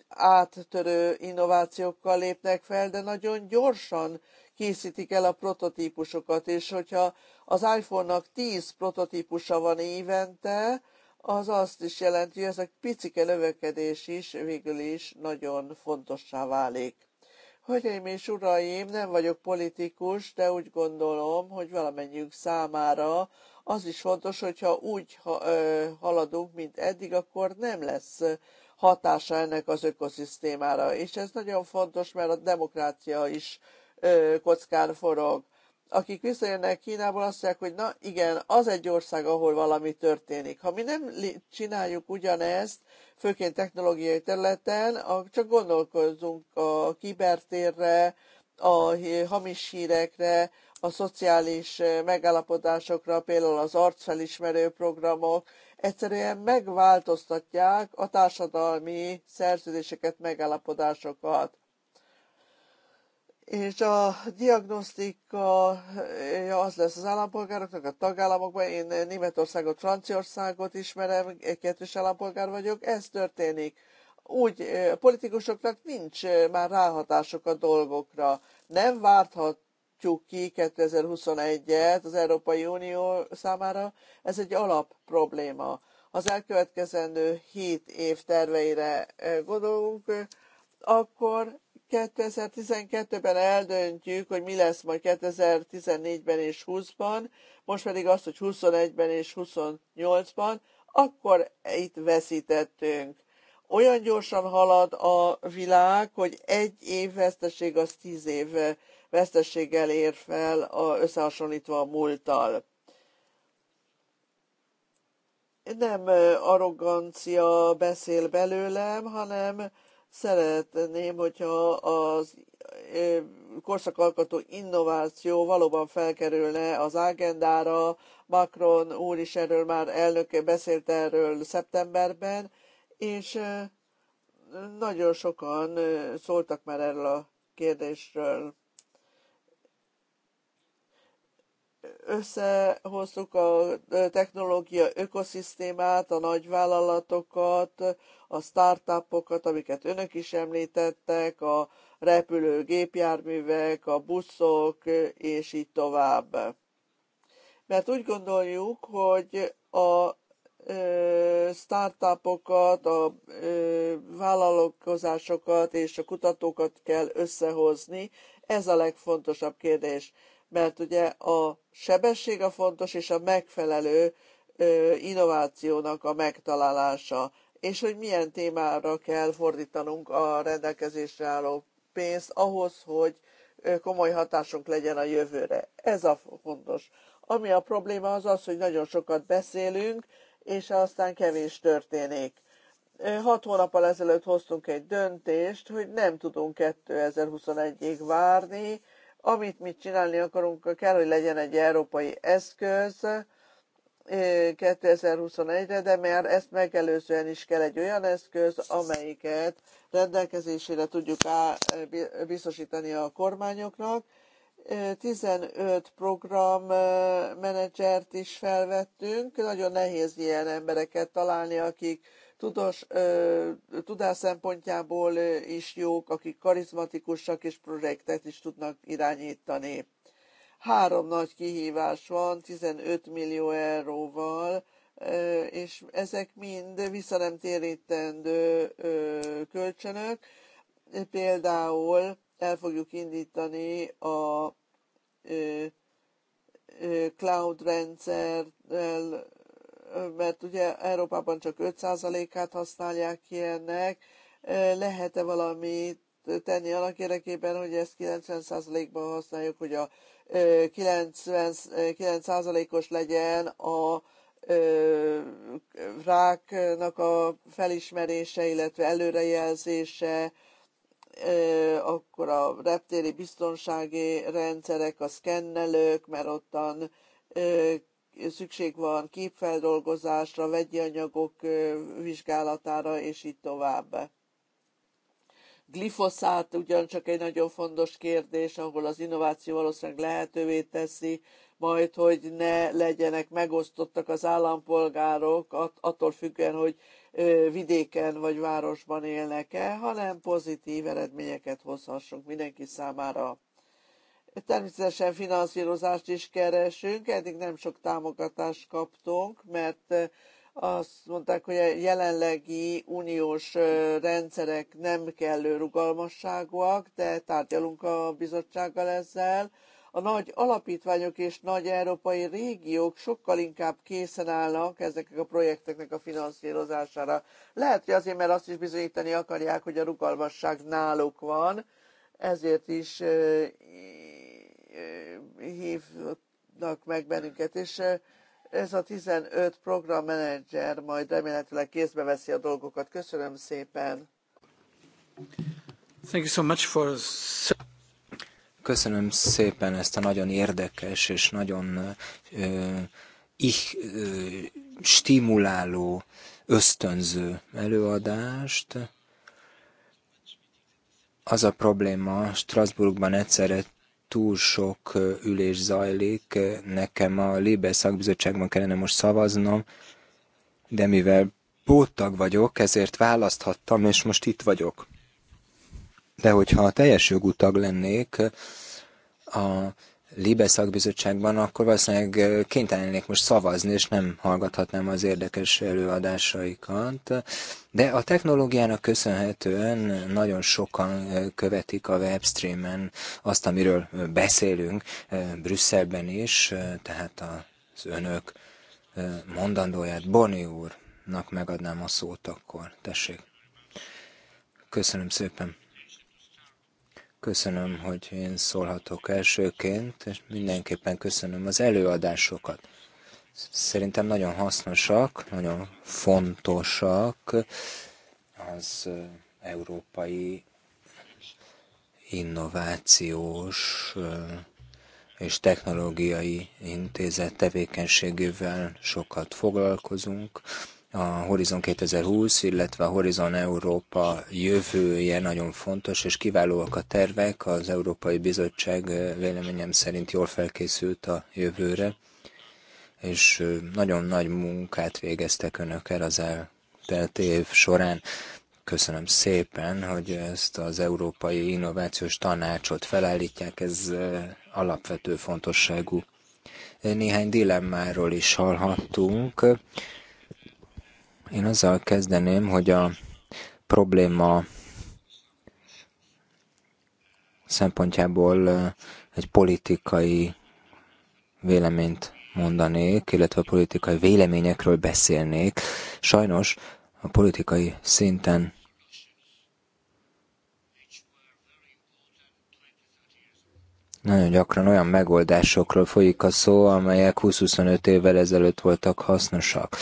S1: áttörő innovációkkal lépnek fel, de nagyon gyorsan készítik el a prototípusokat, és hogyha az iPhone-nak 10 prototípusa van évente, az azt is jelenti, hogy ez a picike növekedés is végül is nagyon fontossá válik. Hölgyeim és uraim, nem vagyok politikus, de úgy gondolom, hogy valamennyiünk számára az is fontos, hogyha úgy haladunk, mint eddig, akkor nem lesz hatása ennek az ökoszisztémára. És ez nagyon fontos, mert a demokrácia is kockán forog akik visszajönnek Kínából, azt mondják, hogy na igen, az egy ország, ahol valami történik. Ha mi nem csináljuk ugyanezt, főként technológiai területen, csak gondolkozzunk a kibertérre, a hamis hírekre, a szociális megállapodásokra, például az arcfelismerő programok, egyszerűen megváltoztatják a társadalmi szerződéseket, megállapodásokat. És a diagnosztika eh, az lesz az állampolgároknak a tagállamokban. Én Németországot, Franciaországot ismerem, kettős állampolgár vagyok. Ez történik úgy eh, politikusoknak nincs eh, már ráhatásuk a dolgokra. Nem várhat, nyitjuk ki 2021-et az Európai Unió számára, ez egy alap probléma. Az elkövetkezendő 7 év terveire eh, gondolunk, akkor 2012-ben eldöntjük, hogy mi lesz majd 2014-ben és 20-ban, most pedig azt, hogy 21-ben és 28-ban, akkor itt veszítettünk. Olyan gyorsan halad a világ, hogy egy év veszteség az tíz év vesztességgel ér fel a, összehasonlítva a múlttal. Nem arrogancia beszél belőlem, hanem szeretném, hogyha az korszakalkotó innováció valóban felkerülne az agendára. Macron úr is erről már elnök beszélt erről szeptemberben, és nagyon sokan szóltak már erről a kérdésről. összehoztuk a technológia ökoszisztémát, a nagyvállalatokat, a startupokat, amiket önök is említettek, a repülő gépjárművek, a buszok, és így tovább. Mert úgy gondoljuk, hogy a startupokat, a vállalkozásokat és a kutatókat kell összehozni. Ez a legfontosabb kérdés mert ugye a sebesség a fontos, és a megfelelő innovációnak a megtalálása, és hogy milyen témára kell fordítanunk a rendelkezésre álló pénzt ahhoz, hogy komoly hatásunk legyen a jövőre. Ez a fontos. Ami a probléma az az, hogy nagyon sokat beszélünk, és aztán kevés történik. Hat hónap ezelőtt hoztunk egy döntést, hogy nem tudunk 2021-ig várni, amit mi csinálni akarunk, kell, hogy legyen egy európai eszköz 2021-re, eh, de már ezt megelőzően is kell egy olyan eszköz, amelyiket rendelkezésére tudjuk á, eh, biztosítani a kormányoknak. 15 eh, program menedzsert is felvettünk. Nagyon nehéz ilyen embereket találni, akik tudós, tudás szempontjából is jók, akik karizmatikusak és projektet is tudnak irányítani. Három nagy kihívás van, 15 millió euróval, és ezek mind visszanemtérítendő kölcsönök. Például el fogjuk indítani a cloud rendszerrel mert ugye Európában csak 5%-át használják ki ennek, lehet-e valamit tenni annak érdekében, hogy ezt 90%-ban használjuk, hogy a 99%-os legyen a ráknak a felismerése, illetve előrejelzése, akkor a reptéri biztonsági rendszerek, a szkennelők, mert ottan szükség van képfeldolgozásra, vegyi anyagok vizsgálatára, és így tovább. Glifoszát ugyancsak egy nagyon fontos kérdés, ahol az innováció valószínűleg lehetővé teszi, majd, hogy ne legyenek megosztottak az állampolgárok attól függően, hogy vidéken vagy városban élnek-e, hanem pozitív eredményeket hozhassunk mindenki számára. Természetesen finanszírozást is keresünk, eddig nem sok támogatást kaptunk, mert eh, azt mondták, hogy a jelenlegi uniós eh, rendszerek nem kellő rugalmasságúak, de tárgyalunk a bizottsággal ezzel. A nagy alapítványok és nagy európai régiók sokkal inkább készen állnak ezeknek a projekteknek a finanszírozására. Lehet, hogy azért, mert azt is bizonyítani akarják, hogy a rugalmasság náluk van, ezért is eh, hívnak meg bennünket, és ez a 15 programmenedzser majd remélhetőleg kézbe veszi a dolgokat. Köszönöm szépen! Thank you so much for...
S2: Köszönöm szépen ezt a nagyon érdekes és nagyon ö, ich, ö, stimuláló, ösztönző előadást. Az a probléma Strasbourgban egyszerre túl sok ülés zajlik, nekem a Libe szakbizottságban kellene most szavaznom, de mivel póttag vagyok, ezért választhattam, és most itt vagyok. De hogyha teljes jogú tag lennék, a Libe szakbizottságban, akkor valószínűleg kénytelenek most szavazni, és nem hallgathatnám az érdekes előadásaikat. De a technológiának köszönhetően nagyon sokan követik a webstreamen azt, amiről beszélünk Brüsszelben is, tehát az önök mondandóját. Boni úrnak megadnám a szót akkor. Tessék. Köszönöm szépen. Köszönöm, hogy én szólhatok elsőként, és mindenképpen köszönöm az előadásokat. Szerintem nagyon hasznosak, nagyon fontosak az európai innovációs és technológiai intézet tevékenységével sokat foglalkozunk a Horizon 2020, illetve a Horizon Európa jövője nagyon fontos, és kiválóak a tervek. Az Európai Bizottság véleményem szerint jól felkészült a jövőre, és nagyon nagy munkát végeztek önök el az eltelt év során. Köszönöm szépen, hogy ezt az Európai Innovációs Tanácsot felállítják, ez alapvető fontosságú. Néhány dilemmáról is hallhattunk én azzal kezdeném, hogy a probléma szempontjából egy politikai véleményt mondanék, illetve a politikai véleményekről beszélnék. Sajnos a politikai szinten nagyon gyakran olyan megoldásokról folyik a szó, amelyek 20-25 évvel ezelőtt voltak hasznosak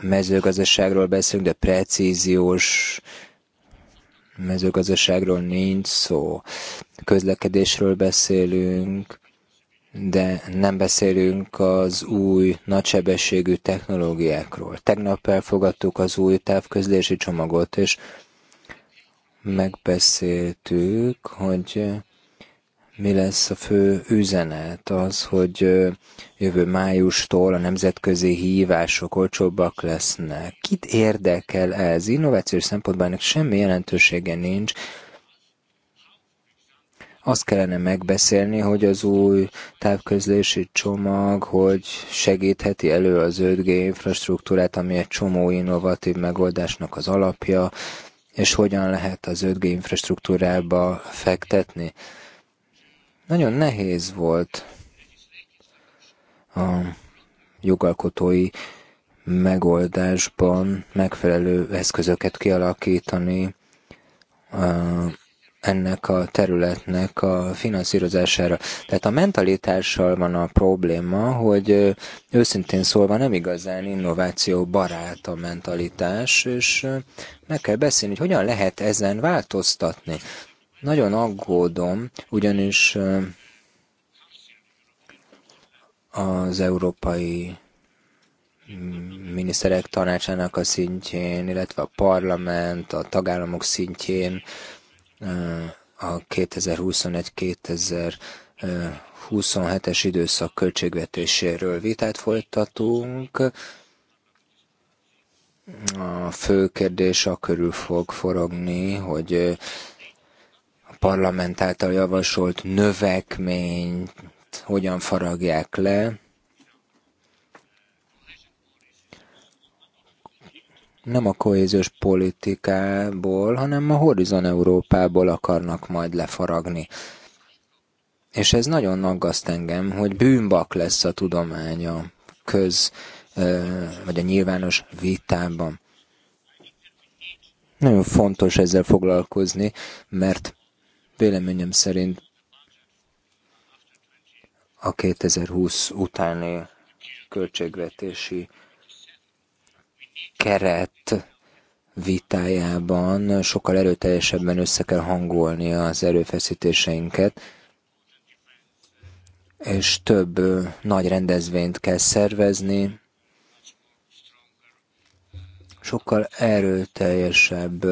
S2: mezőgazdaságról beszélünk, de precíziós mezőgazdaságról nincs szó. Közlekedésről beszélünk, de nem beszélünk az új nagysebességű technológiákról. Tegnap elfogadtuk az új távközlési csomagot, és megbeszéltük, hogy mi lesz a fő üzenet? Az, hogy jövő májustól a nemzetközi hívások olcsóbbak lesznek. Kit érdekel ez? Innovációs szempontból ennek semmi jelentősége nincs. Azt kellene megbeszélni, hogy az új távközlési csomag, hogy segítheti elő az 5G infrastruktúrát, ami egy csomó innovatív megoldásnak az alapja, és hogyan lehet az 5G infrastruktúrába fektetni nagyon nehéz volt a jogalkotói megoldásban megfelelő eszközöket kialakítani ennek a területnek a finanszírozására. Tehát a mentalitással van a probléma, hogy őszintén szólva nem igazán innováció barát a mentalitás, és meg kell beszélni, hogy hogyan lehet ezen változtatni. Nagyon aggódom, ugyanis az európai mm, miniszterek tanácsának a szintjén, illetve a parlament, a tagállamok szintjén a 2021-2027-es időszak költségvetéséről vitát folytatunk. A fő kérdés a körül fog forogni, hogy Parlament által javasolt növekményt hogyan faragják le. Nem a kohéziós politikából, hanem a Horizon Európából akarnak majd lefaragni. És ez nagyon aggaszt engem, hogy bűnbak lesz a tudomány a köz, vagy a nyilvános vitában. Nagyon fontos ezzel foglalkozni, mert Véleményem szerint a 2020 utáni költségvetési keret vitájában sokkal erőteljesebben össze kell hangolni az erőfeszítéseinket, és több nagy rendezvényt kell szervezni, sokkal erőteljesebb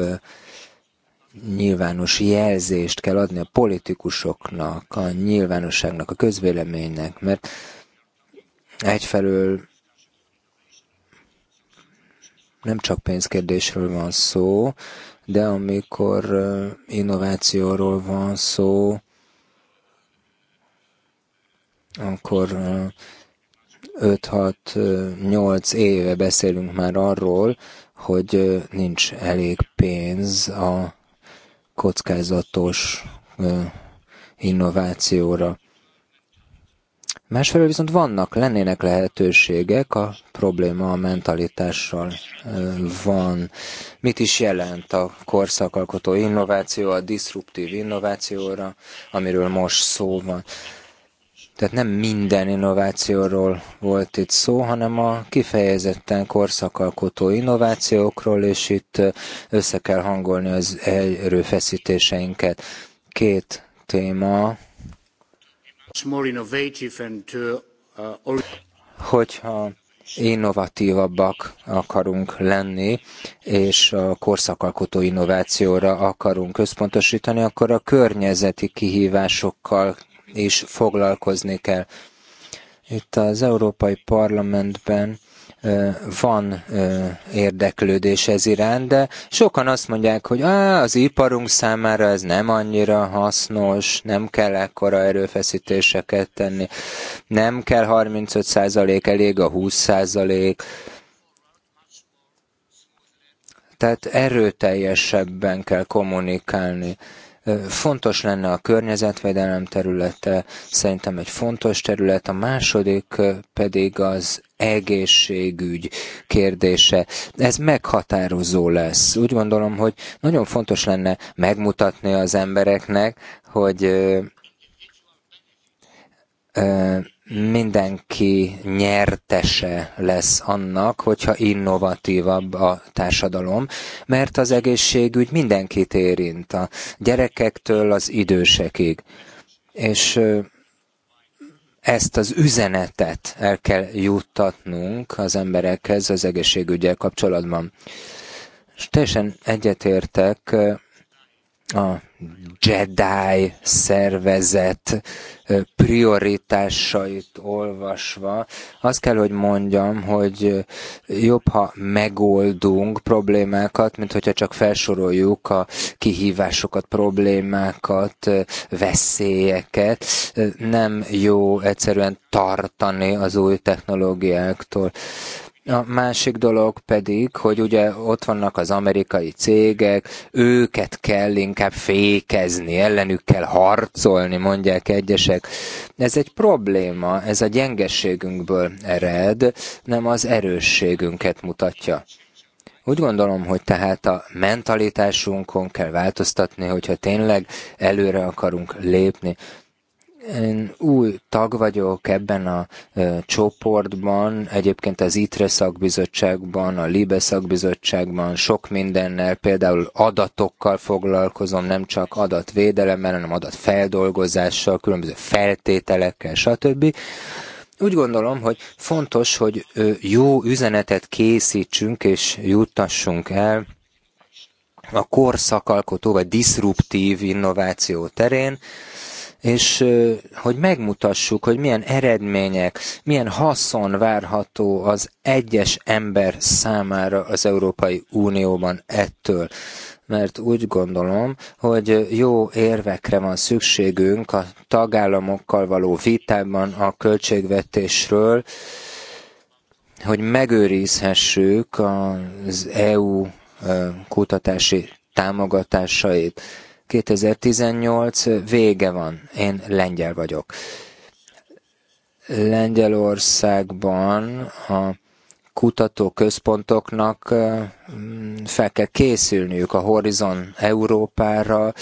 S2: nyilvános jelzést kell adni a politikusoknak, a nyilvánosságnak, a közvéleménynek, mert egyfelől nem csak pénzkérdésről van szó, de amikor innovációról van szó, akkor 5-6-8 éve beszélünk már arról, hogy nincs elég pénz a kockázatos innovációra. Másfelől viszont vannak, lennének lehetőségek, a probléma a mentalitással van. Mit is jelent a korszakalkotó innováció, a disruptív innovációra, amiről most szó van? Tehát nem minden innovációról volt itt szó, hanem a kifejezetten korszakalkotó innovációkról, és itt össze kell hangolni az erőfeszítéseinket. Két téma, uh, uh, hogyha innovatívabbak akarunk lenni, és a korszakalkotó innovációra akarunk központosítani, akkor a környezeti kihívásokkal is foglalkozni kell. Itt az Európai Parlamentben van érdeklődés ez iránt, de sokan azt mondják, hogy Á, az iparunk számára ez nem annyira hasznos, nem kell ekkora erőfeszítéseket tenni, nem kell 35% elég a 20%. Tehát erőteljesebben kell kommunikálni. Fontos lenne a környezetvédelem területe, szerintem egy fontos terület, a második pedig az egészségügy kérdése. Ez meghatározó lesz. Úgy gondolom, hogy nagyon fontos lenne megmutatni az embereknek, hogy mindenki nyertese lesz annak, hogyha innovatívabb a társadalom, mert az egészségügy mindenkit érint, a gyerekektől az idősekig. És ezt az üzenetet el kell juttatnunk az emberekhez az egészségügyel kapcsolatban. És teljesen egyetértek a Jedi szervezet prioritásait olvasva, azt kell, hogy mondjam, hogy jobb, ha megoldunk problémákat, mint hogyha csak felsoroljuk a kihívásokat, problémákat, veszélyeket. Nem jó egyszerűen tartani az új technológiáktól. A másik dolog pedig, hogy ugye ott vannak az amerikai cégek, őket kell inkább fékezni, ellenük kell harcolni, mondják egyesek. Ez egy probléma, ez a gyengeségünkből ered, nem az erősségünket mutatja. Úgy gondolom, hogy tehát a mentalitásunkon kell változtatni, hogyha tényleg előre akarunk lépni. Én új tag vagyok ebben a ö, csoportban, egyébként az ITRE szakbizottságban, a LIBE szakbizottságban, sok mindennel, például adatokkal foglalkozom, nem csak adatvédelemmel, hanem adatfeldolgozással, különböző feltételekkel, stb. Úgy gondolom, hogy fontos, hogy ö, jó üzenetet készítsünk és juttassunk el a korszakalkotó vagy diszruptív innováció terén, és hogy megmutassuk, hogy milyen eredmények, milyen haszon várható az egyes ember számára az Európai Unióban ettől. Mert úgy gondolom, hogy jó érvekre van szükségünk a tagállamokkal való vitában a költségvetésről, hogy megőrizhessük az EU kutatási támogatásait. 2018 vége van. Én lengyel vagyok. Lengyelországban a kutatóközpontoknak fel kell készülniük a Horizon Európára,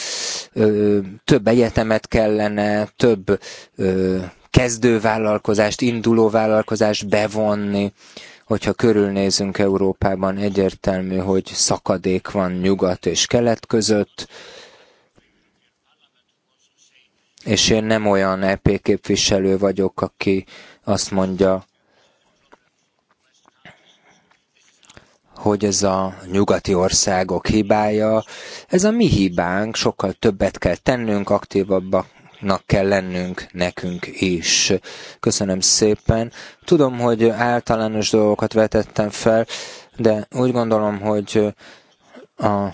S2: több egyetemet kellene, több kezdővállalkozást, induló vállalkozást bevonni, hogyha körülnézünk Európában, egyértelmű, hogy szakadék van nyugat és kelet között, és én nem olyan EP képviselő vagyok, aki azt mondja, hogy ez a nyugati országok hibája, ez a mi hibánk, sokkal többet kell tennünk, aktívabbaknak kell lennünk nekünk is. Köszönöm szépen. Tudom, hogy általános dolgokat vetettem fel, de úgy gondolom, hogy a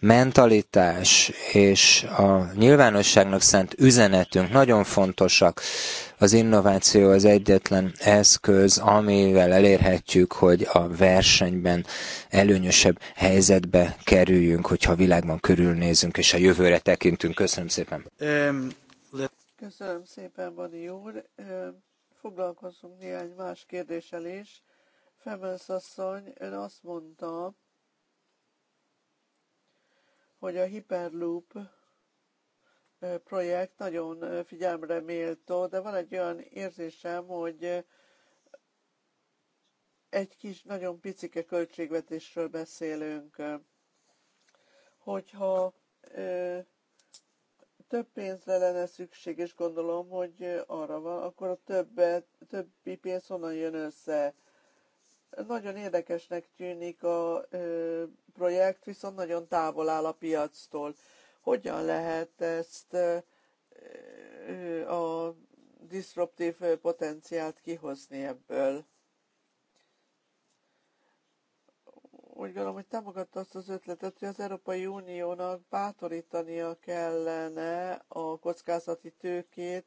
S2: mentalitás és a nyilvánosságnak szent üzenetünk nagyon fontosak. Az innováció az egyetlen eszköz, amivel elérhetjük, hogy a versenyben előnyösebb helyzetbe kerüljünk, hogyha a világban körülnézünk és a jövőre tekintünk. Köszönöm szépen.
S1: Köszönöm szépen, Bani úr. Foglalkozunk néhány más kérdéssel is. Femelsz asszony, ön azt mondta, hogy a Hyperloop projekt nagyon figyelmre méltó, de van egy olyan érzésem, hogy egy kis, nagyon picike költségvetésről beszélünk. Hogyha több pénzre lenne szükség, és gondolom, hogy arra van, akkor a többet, többi pénz honnan jön össze? Nagyon érdekesnek tűnik a projekt, viszont nagyon távol áll a piactól.
S2: Hogyan lehet
S1: ezt a disruptív potenciált kihozni ebből? úgy gondolom, hogy támogatta azt az ötletet, hogy az Európai Uniónak bátorítania kellene a kockázati tőkét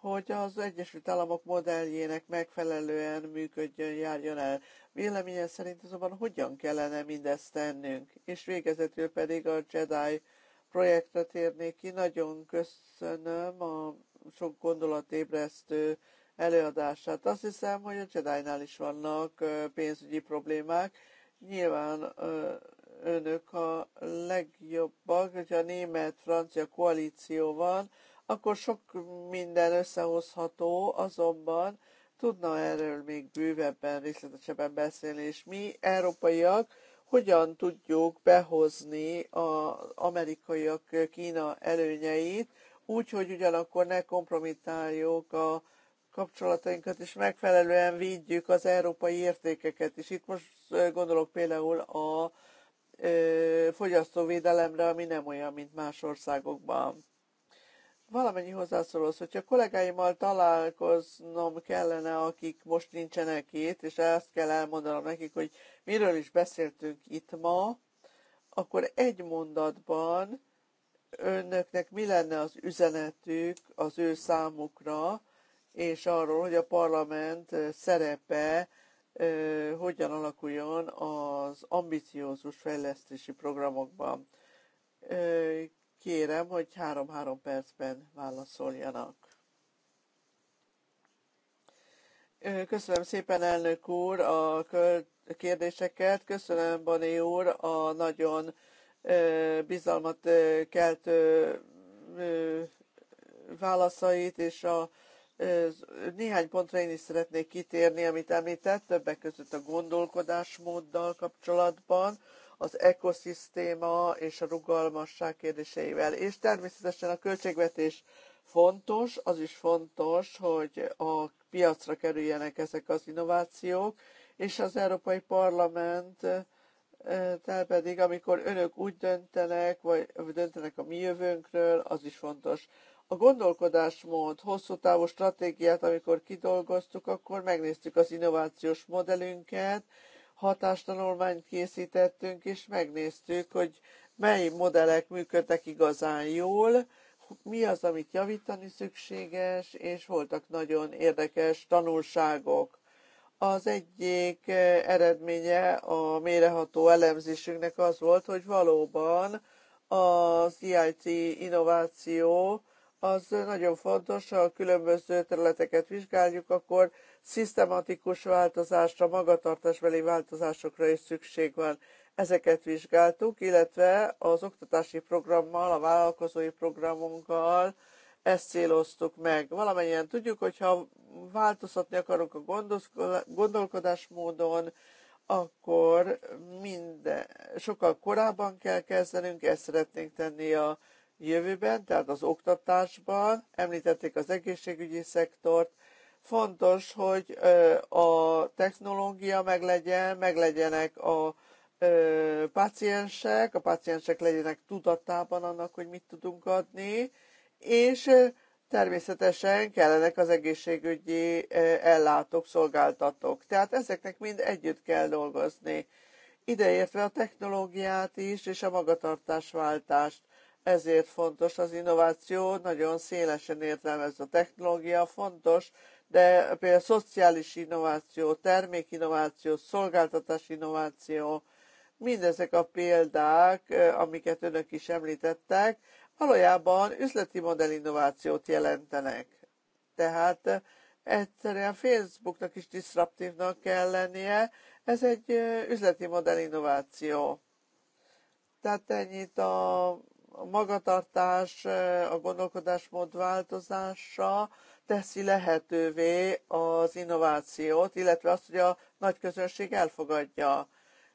S1: hogy az Egyesült Államok modelljének megfelelően működjön, járjon el. Véleménye szerint azonban hogyan kellene mindezt tennünk? És végezetül pedig a Jedi projektre térnék ki. Nagyon köszönöm a sok gondolatébresztő előadását. Azt hiszem, hogy a Jedi-nál is vannak pénzügyi problémák. Nyilván önök a legjobbak, hogyha a német-francia koalíció van, akkor sok minden összehozható, azonban tudna erről még bővebben, részletesebben beszélni, és mi, európaiak, hogyan tudjuk behozni az amerikaiak Kína előnyeit, úgy, hogy ugyanakkor ne kompromitáljuk a kapcsolatainkat, és megfelelően védjük az európai értékeket is. Itt most gondolok például a fogyasztóvédelemre, ami nem olyan, mint más országokban valamennyi hozzászólóhoz, hogyha kollégáimmal találkoznom kellene, akik most nincsenek itt, és ezt kell elmondanom nekik, hogy miről is beszéltünk itt ma, akkor egy mondatban önöknek mi lenne az üzenetük az ő számukra, és arról, hogy a parlament szerepe hogyan alakuljon az ambiciózus fejlesztési programokban Kérem, hogy három-három percben válaszoljanak. Köszönöm szépen, elnök úr, a kérdéseket. Köszönöm, Bani úr, a nagyon bizalmat keltő válaszait, és a néhány pontra én is szeretnék kitérni, amit említett, többek között a gondolkodásmóddal kapcsolatban, az ekoszisztéma és a rugalmasság kérdéseivel. És természetesen a költségvetés fontos, az is fontos, hogy a piacra kerüljenek ezek az innovációk, és az Európai Parlament eh, tehát pedig, amikor önök úgy döntenek, vagy döntenek a mi jövőnkről, az is fontos. A gondolkodásmód, hosszú távú stratégiát, amikor kidolgoztuk, akkor megnéztük az innovációs modellünket, hatástanulmányt készítettünk, és megnéztük, hogy mely modellek működtek igazán jól, mi az, amit javítani szükséges, és voltak nagyon érdekes tanulságok. Az egyik eh, eredménye a méreható elemzésünknek az volt, hogy valóban az e IIT innováció az nagyon fontos, ha a különböző területeket vizsgáljuk, akkor szisztematikus változásra, magatartásbeli változásokra is szükség van. Ezeket vizsgáltuk, illetve az oktatási programmal, a vállalkozói programunkkal ezt céloztuk meg. Valamennyien tudjuk, hogyha változtatni akarunk a gondolkodásmódon, akkor minden, sokkal korábban kell kezdenünk, ezt szeretnénk tenni a jövőben, tehát az oktatásban, említették az egészségügyi szektort, fontos, hogy a technológia meglegyen, meglegyenek a páciensek, a páciensek legyenek tudatában annak, hogy mit tudunk adni, és természetesen kellenek az egészségügyi ellátók, szolgáltatók. Tehát ezeknek mind együtt kell dolgozni. Ideértve a technológiát is, és a magatartásváltást ezért fontos az innováció, nagyon szélesen értelmez a technológia, fontos, de például szociális innováció, termékinnováció, szolgáltatás innováció, mindezek a példák, amiket önök is említettek, valójában üzleti modell innovációt jelentenek. Tehát egyszerűen Facebooknak is disruptívnak kell lennie, ez egy üzleti modell innováció. Tehát ennyit a a magatartás, eh, a gondolkodásmód változása teszi lehetővé az innovációt, illetve azt, hogy a nagy közönség elfogadja.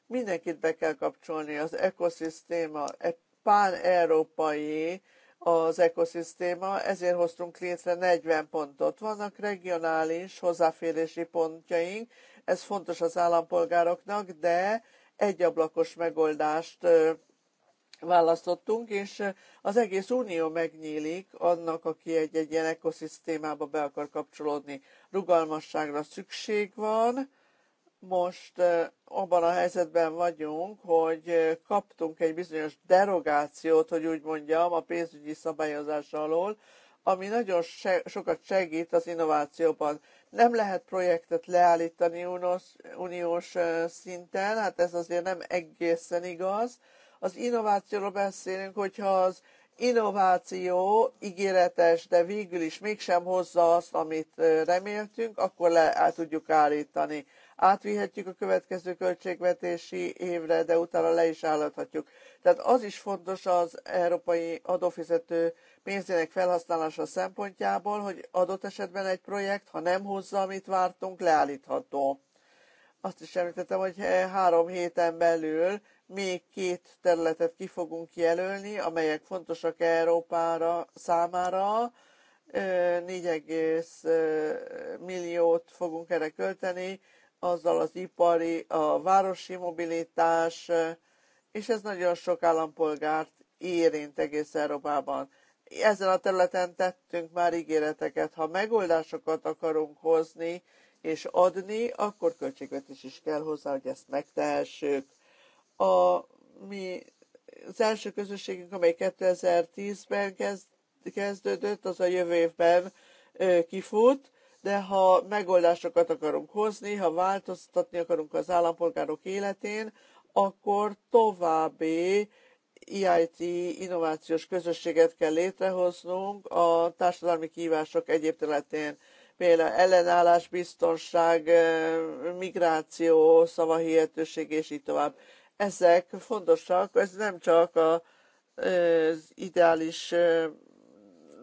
S1: Mindenkit be kell kapcsolni, az ekoszisztéma, e, pán-európai az ekoszisztéma, ezért hoztunk létre 40 pontot. Vannak regionális hozzáférési pontjaink, ez fontos az állampolgároknak, de egyablakos megoldást választottunk, és eh, az egész unió megnyílik annak, aki egy, egy ilyen ekoszisztémába be akar kapcsolódni. Rugalmasságra szükség van. Most eh, abban a helyzetben vagyunk, hogy eh, kaptunk egy bizonyos derogációt, hogy úgy mondjam, a pénzügyi szabályozás alól, ami nagyon se- sokat segít az innovációban. Nem lehet projektet leállítani uniós szinten, hát ez azért nem egészen igaz, az innovációról beszélünk, hogyha az innováció ígéretes, de végül is mégsem hozza azt, amit reméltünk, akkor le el tudjuk állítani. Átvihetjük a következő költségvetési évre, de utána le is állathatjuk. Tehát az is fontos az európai adófizető pénzének felhasználása szempontjából, hogy adott esetben egy projekt, ha nem hozza, amit vártunk, leállítható. Azt is említettem, hogy eh, három héten belül még két területet ki fogunk jelölni, amelyek fontosak Európára számára. 4,1 milliót fogunk erre költeni, azzal az ipari, a városi mobilitás, és ez nagyon sok állampolgárt érint egész Európában. Ezen a területen tettünk már ígéreteket. Ha megoldásokat akarunk hozni és adni, akkor költségvetés is kell hozzá, hogy ezt megtehessük a, mi az első közösségünk, amely 2010-ben kezd, kezdődött, az a jövő évben ö, kifut, de ha megoldásokat akarunk hozni, ha változtatni akarunk az állampolgárok életén, akkor további EIT innovációs közösséget kell létrehoznunk a társadalmi kihívások egyéb területén, például ellenállás, biztonság, migráció, szavahihetőség és így tovább ezek fontosak, ez nem csak a, az ideális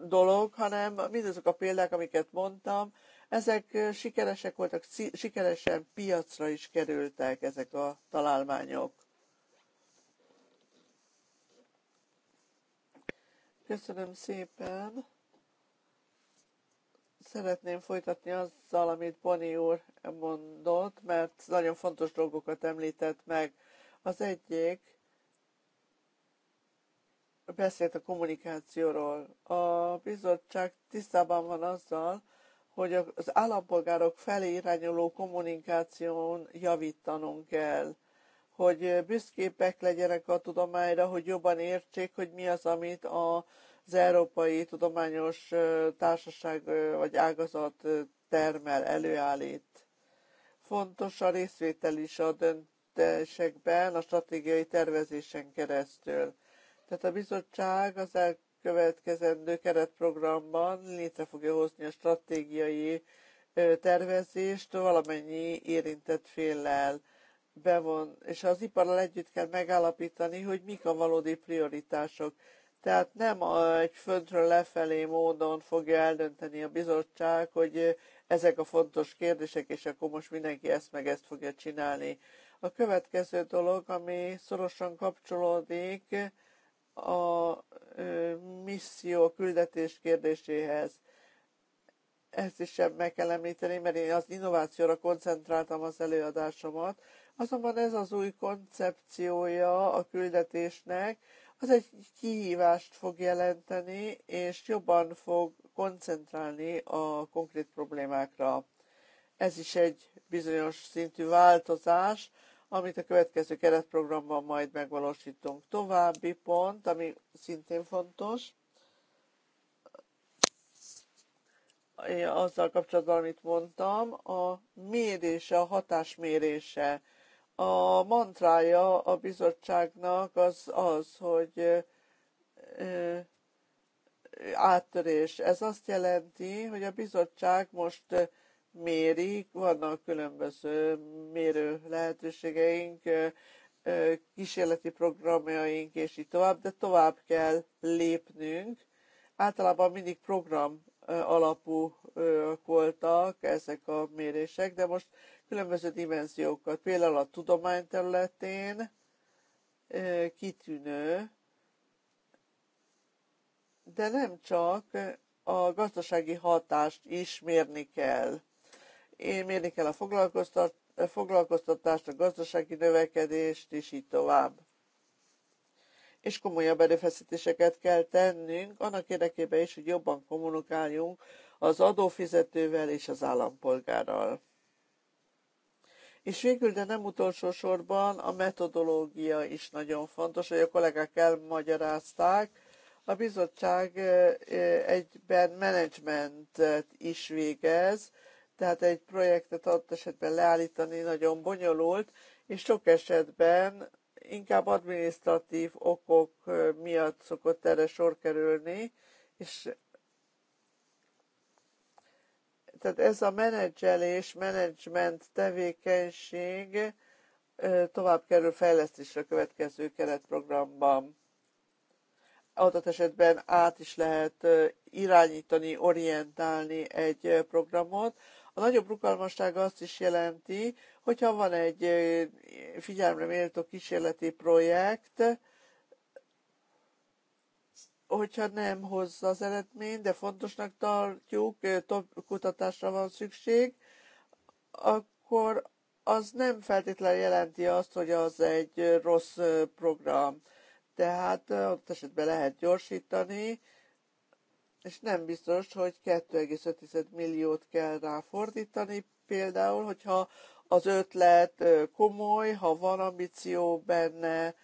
S1: dolog, hanem mindazok a példák, amiket mondtam, ezek sikeresek voltak, sikeresen piacra is kerültek ezek a találmányok. Köszönöm szépen. Szeretném folytatni azzal, amit Boni úr mondott, mert nagyon fontos dolgokat említett meg az egyik beszélt a kommunikációról. A bizottság tisztában van azzal, hogy az állampolgárok felé irányuló kommunikáción javítanunk kell, hogy büszképek legyenek a tudományra, hogy jobban értsék, hogy mi az, amit az Európai Tudományos Társaság vagy ágazat termel, előállít. Fontos a részvétel is a dönt jelentésekben, a stratégiai tervezésen keresztül. Tehát a bizottság az elkövetkezendő keretprogramban létre fogja hozni a stratégiai tervezést valamennyi érintett féllel bevon, és az iparral együtt kell megállapítani, hogy mik a valódi prioritások. Tehát nem egy föntről lefelé módon fogja eldönteni a bizottság, hogy ezek a fontos kérdések, és akkor most mindenki ezt meg ezt fogja csinálni, a következő dolog, ami szorosan kapcsolódik a misszió küldetés kérdéséhez. Ezt is sem meg kell említeni, mert én az innovációra koncentráltam az előadásomat. Azonban ez az új koncepciója a küldetésnek, az egy kihívást fog jelenteni, és jobban fog koncentrálni a konkrét problémákra. Ez is egy bizonyos szintű változás, amit a következő keretprogramban majd megvalósítunk. További pont, ami szintén fontos, azzal kapcsolatban, amit mondtam, a mérése, a hatásmérése. A mantrája a bizottságnak az az, hogy áttörés. Ez azt jelenti, hogy a bizottság most mérik, vannak különböző mérő lehetőségeink, kísérleti programjaink, és így tovább, de tovább kell lépnünk. Általában mindig program alapú voltak ezek a mérések, de most különböző dimenziókat, például a tudomány területén kitűnő, de nem csak a gazdasági hatást is mérni kell. Én mérni kell a foglalkoztatást, a gazdasági növekedést, és így tovább. És komolyabb erőfeszítéseket kell tennünk, annak érdekében is, hogy jobban kommunikáljunk az adófizetővel és az állampolgárral. És végül, de nem utolsó sorban a metodológia is nagyon fontos, hogy a kollégák elmagyarázták. A bizottság egyben menedzsmentet is végez, tehát egy projektet adott esetben leállítani nagyon bonyolult, és sok esetben inkább adminisztratív okok miatt szokott erre sor kerülni, és tehát ez a menedzselés, menedzsment tevékenység tovább kerül fejlesztésre a következő keretprogramban. Adott esetben át is lehet irányítani, orientálni egy programot, a nagyobb rugalmasság azt is jelenti, hogyha van egy figyelmre méltó kísérleti projekt, hogyha nem hozza az eredményt, de fontosnak tartjuk, több kutatásra van szükség, akkor az nem feltétlenül jelenti azt, hogy az egy rossz program. Tehát ott esetben lehet gyorsítani, és nem biztos, hogy 2,5 milliót kell ráfordítani, például, hogyha az ötlet komoly, ha van ambíció benne,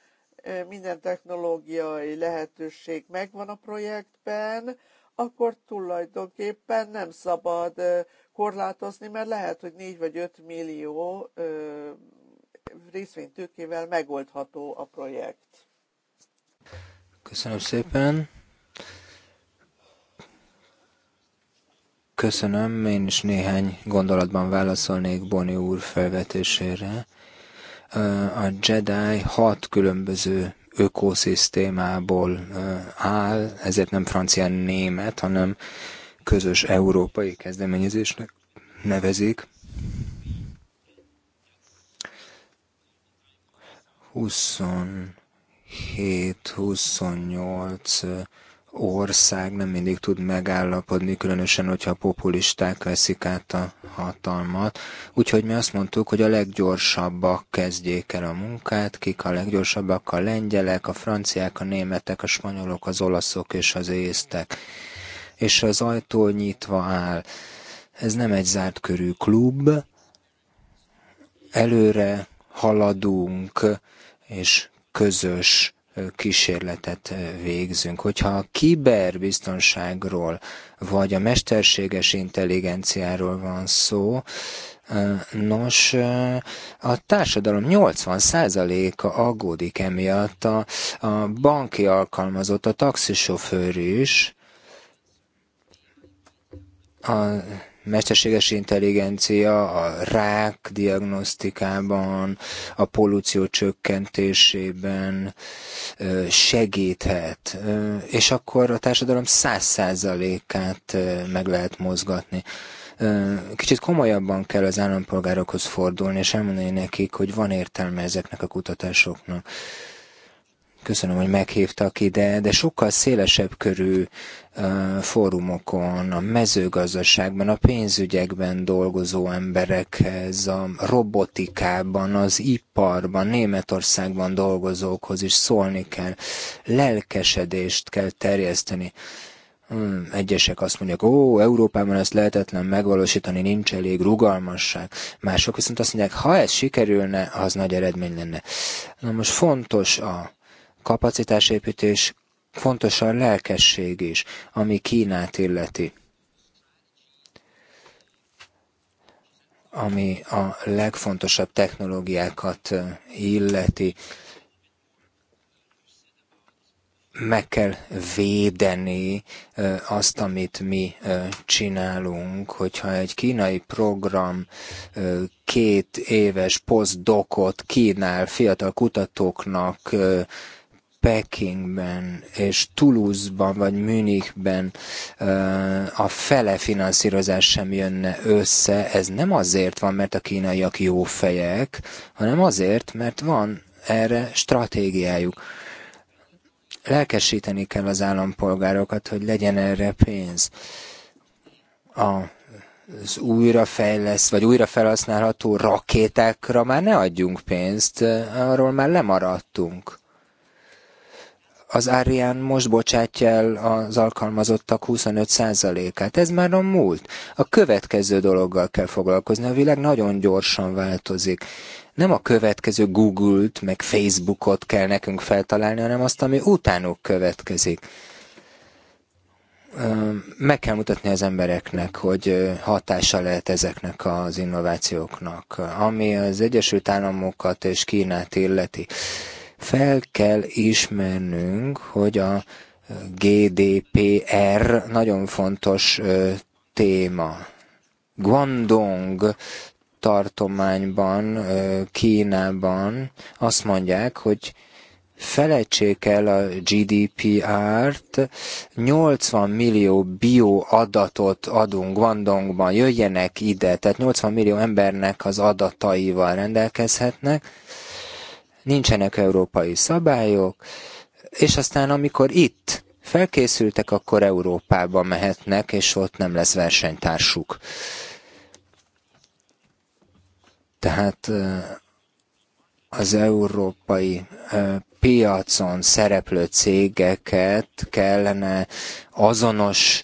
S1: minden technológiai lehetőség megvan a projektben, akkor tulajdonképpen nem szabad korlátozni, mert lehet, hogy 4 vagy 5 millió részvénytőkével megoldható a projekt.
S2: Köszönöm szépen. Köszönöm, én is néhány gondolatban válaszolnék Boni úr felvetésére. A Jedi hat különböző ökoszisztémából áll, ezért nem francia-német, hanem közös európai kezdeményezésnek nevezik. 27-28 ország nem mindig tud megállapodni, különösen, hogyha a populisták veszik át a hatalmat. Úgyhogy mi azt mondtuk, hogy a leggyorsabbak kezdjék el a munkát, kik a leggyorsabbak a lengyelek, a franciák, a németek, a spanyolok, az olaszok és az észtek. És az ajtó nyitva áll. Ez nem egy zárt körű klub, előre haladunk, és közös kísérletet eh, végzünk. Hogyha a kiberbiztonságról vagy a mesterséges intelligenciáról van szó, eh, Nos, eh, a társadalom 80%-a aggódik emiatt, a, a banki alkalmazott, a taxisofőr is, a mesterséges intelligencia a rák diagnosztikában, a pollució csökkentésében segíthet, és akkor a társadalom száz százalékát meg lehet mozgatni kicsit komolyabban kell az állampolgárokhoz fordulni, és elmondani nekik, hogy van értelme ezeknek a kutatásoknak. Köszönöm, hogy meghívtak ide, de sokkal szélesebb körű fórumokon, a mezőgazdaságban, a pénzügyekben dolgozó emberekhez, a robotikában, az iparban, Németországban dolgozókhoz is szólni kell, lelkesedést kell terjeszteni. Hmm, egyesek azt mondják, ó, Európában ezt lehetetlen megvalósítani, nincs elég rugalmasság. Mások viszont azt mondják, ha ez sikerülne, az nagy eredmény lenne. Na most fontos a kapacitásépítés, Fontos a lelkesség is, ami Kínát illeti. ami a legfontosabb technológiákat illeti. Meg kell védeni azt, amit mi csinálunk, hogyha egy kínai program két éves posztdokot kínál fiatal kutatóknak Pekingben és Toulouse-ban vagy Münichben a fele finanszírozás sem jönne össze, ez nem azért van, mert a kínaiak jó fejek, hanem azért, mert van erre stratégiájuk. Lelkesíteni kell az állampolgárokat, hogy legyen erre pénz. A az újrafejleszt, vagy újrafelhasználható rakétákra már ne adjunk pénzt, arról már lemaradtunk az árián most bocsátja el az alkalmazottak 25%-át. Ez már a múlt. A következő dologgal kell foglalkozni. A világ nagyon gyorsan változik. Nem a következő Google-t, meg Facebookot kell nekünk feltalálni, hanem azt, ami utánuk következik. Meg kell mutatni az embereknek, hogy hatása lehet ezeknek az innovációknak, ami az Egyesült Államokat és Kínát illeti fel kell ismernünk, hogy a GDPR nagyon fontos téma. Guangdong tartományban, Kínában azt mondják, hogy felejtsék el a GDPR-t, 80 millió bioadatot adunk Guangdongban, jöjjenek ide, tehát 80 millió embernek az adataival rendelkezhetnek, nincsenek európai szabályok, és aztán amikor itt felkészültek, akkor Európába mehetnek, és ott nem lesz versenytársuk. Tehát az európai piacon szereplő cégeket kellene azonos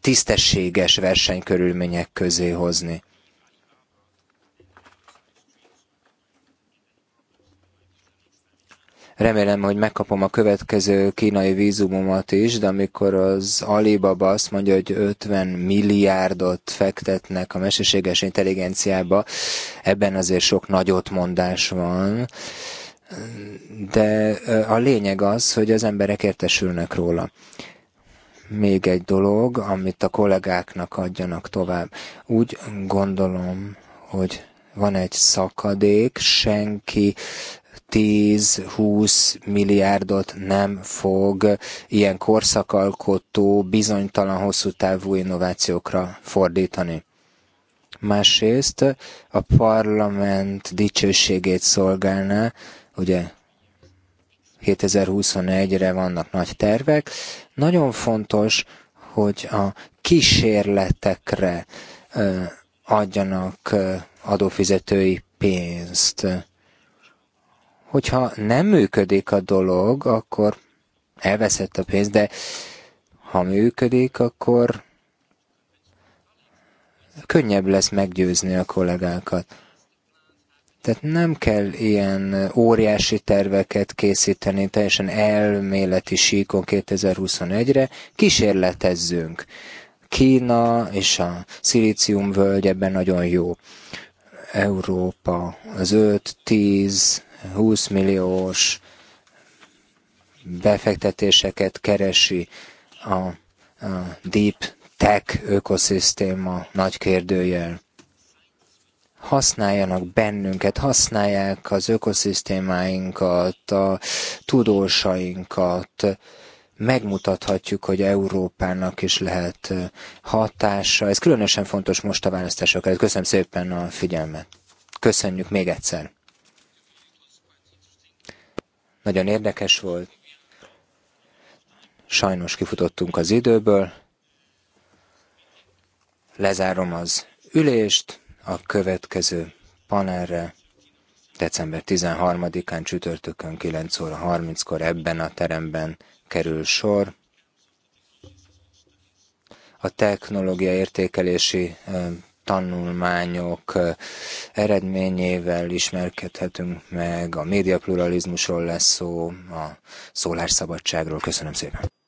S2: tisztességes versenykörülmények közé hozni. Remélem, hogy megkapom a következő kínai vízumomat is, de amikor az Alibaba azt mondja, hogy 50 milliárdot fektetnek a mesterséges intelligenciába, ebben azért sok nagyot mondás van, de a lényeg az, hogy az emberek értesülnek róla még egy dolog, amit a kollégáknak adjanak tovább. Úgy gondolom, hogy van egy szakadék, senki 10-20 milliárdot nem fog ilyen korszakalkotó, bizonytalan hosszú távú innovációkra fordítani. Másrészt a parlament dicsőségét szolgálná, ugye 2021-re vannak nagy tervek. Nagyon fontos, hogy a kísérletekre adjanak adófizetői pénzt hogyha nem működik a dolog, akkor elveszett a pénz, de ha működik, akkor könnyebb lesz meggyőzni a kollégákat. Tehát nem kell ilyen óriási terveket készíteni, teljesen elméleti síkon 2021-re, kísérletezzünk. Kína és a Szilícium völgy ebben nagyon jó. Európa az 5-10 20 milliós befektetéseket keresi a, a deep tech ökoszisztéma nagy kérdőjel. Használjanak bennünket, használják az ökoszisztémáinkat, a tudósainkat, megmutathatjuk, hogy Európának is lehet hatása. Ez különösen fontos most a választásokat. Köszönöm szépen a figyelmet. Köszönjük még egyszer. Nagyon érdekes volt. Sajnos kifutottunk az időből. Lezárom az ülést a következő panelre december 13-án csütörtökön 9 óra 30-kor ebben a teremben kerül sor. A technológia értékelési tanulmányok eredményével ismerkedhetünk meg, a médiapluralizmusról lesz szó, a szólásszabadságról. Köszönöm szépen!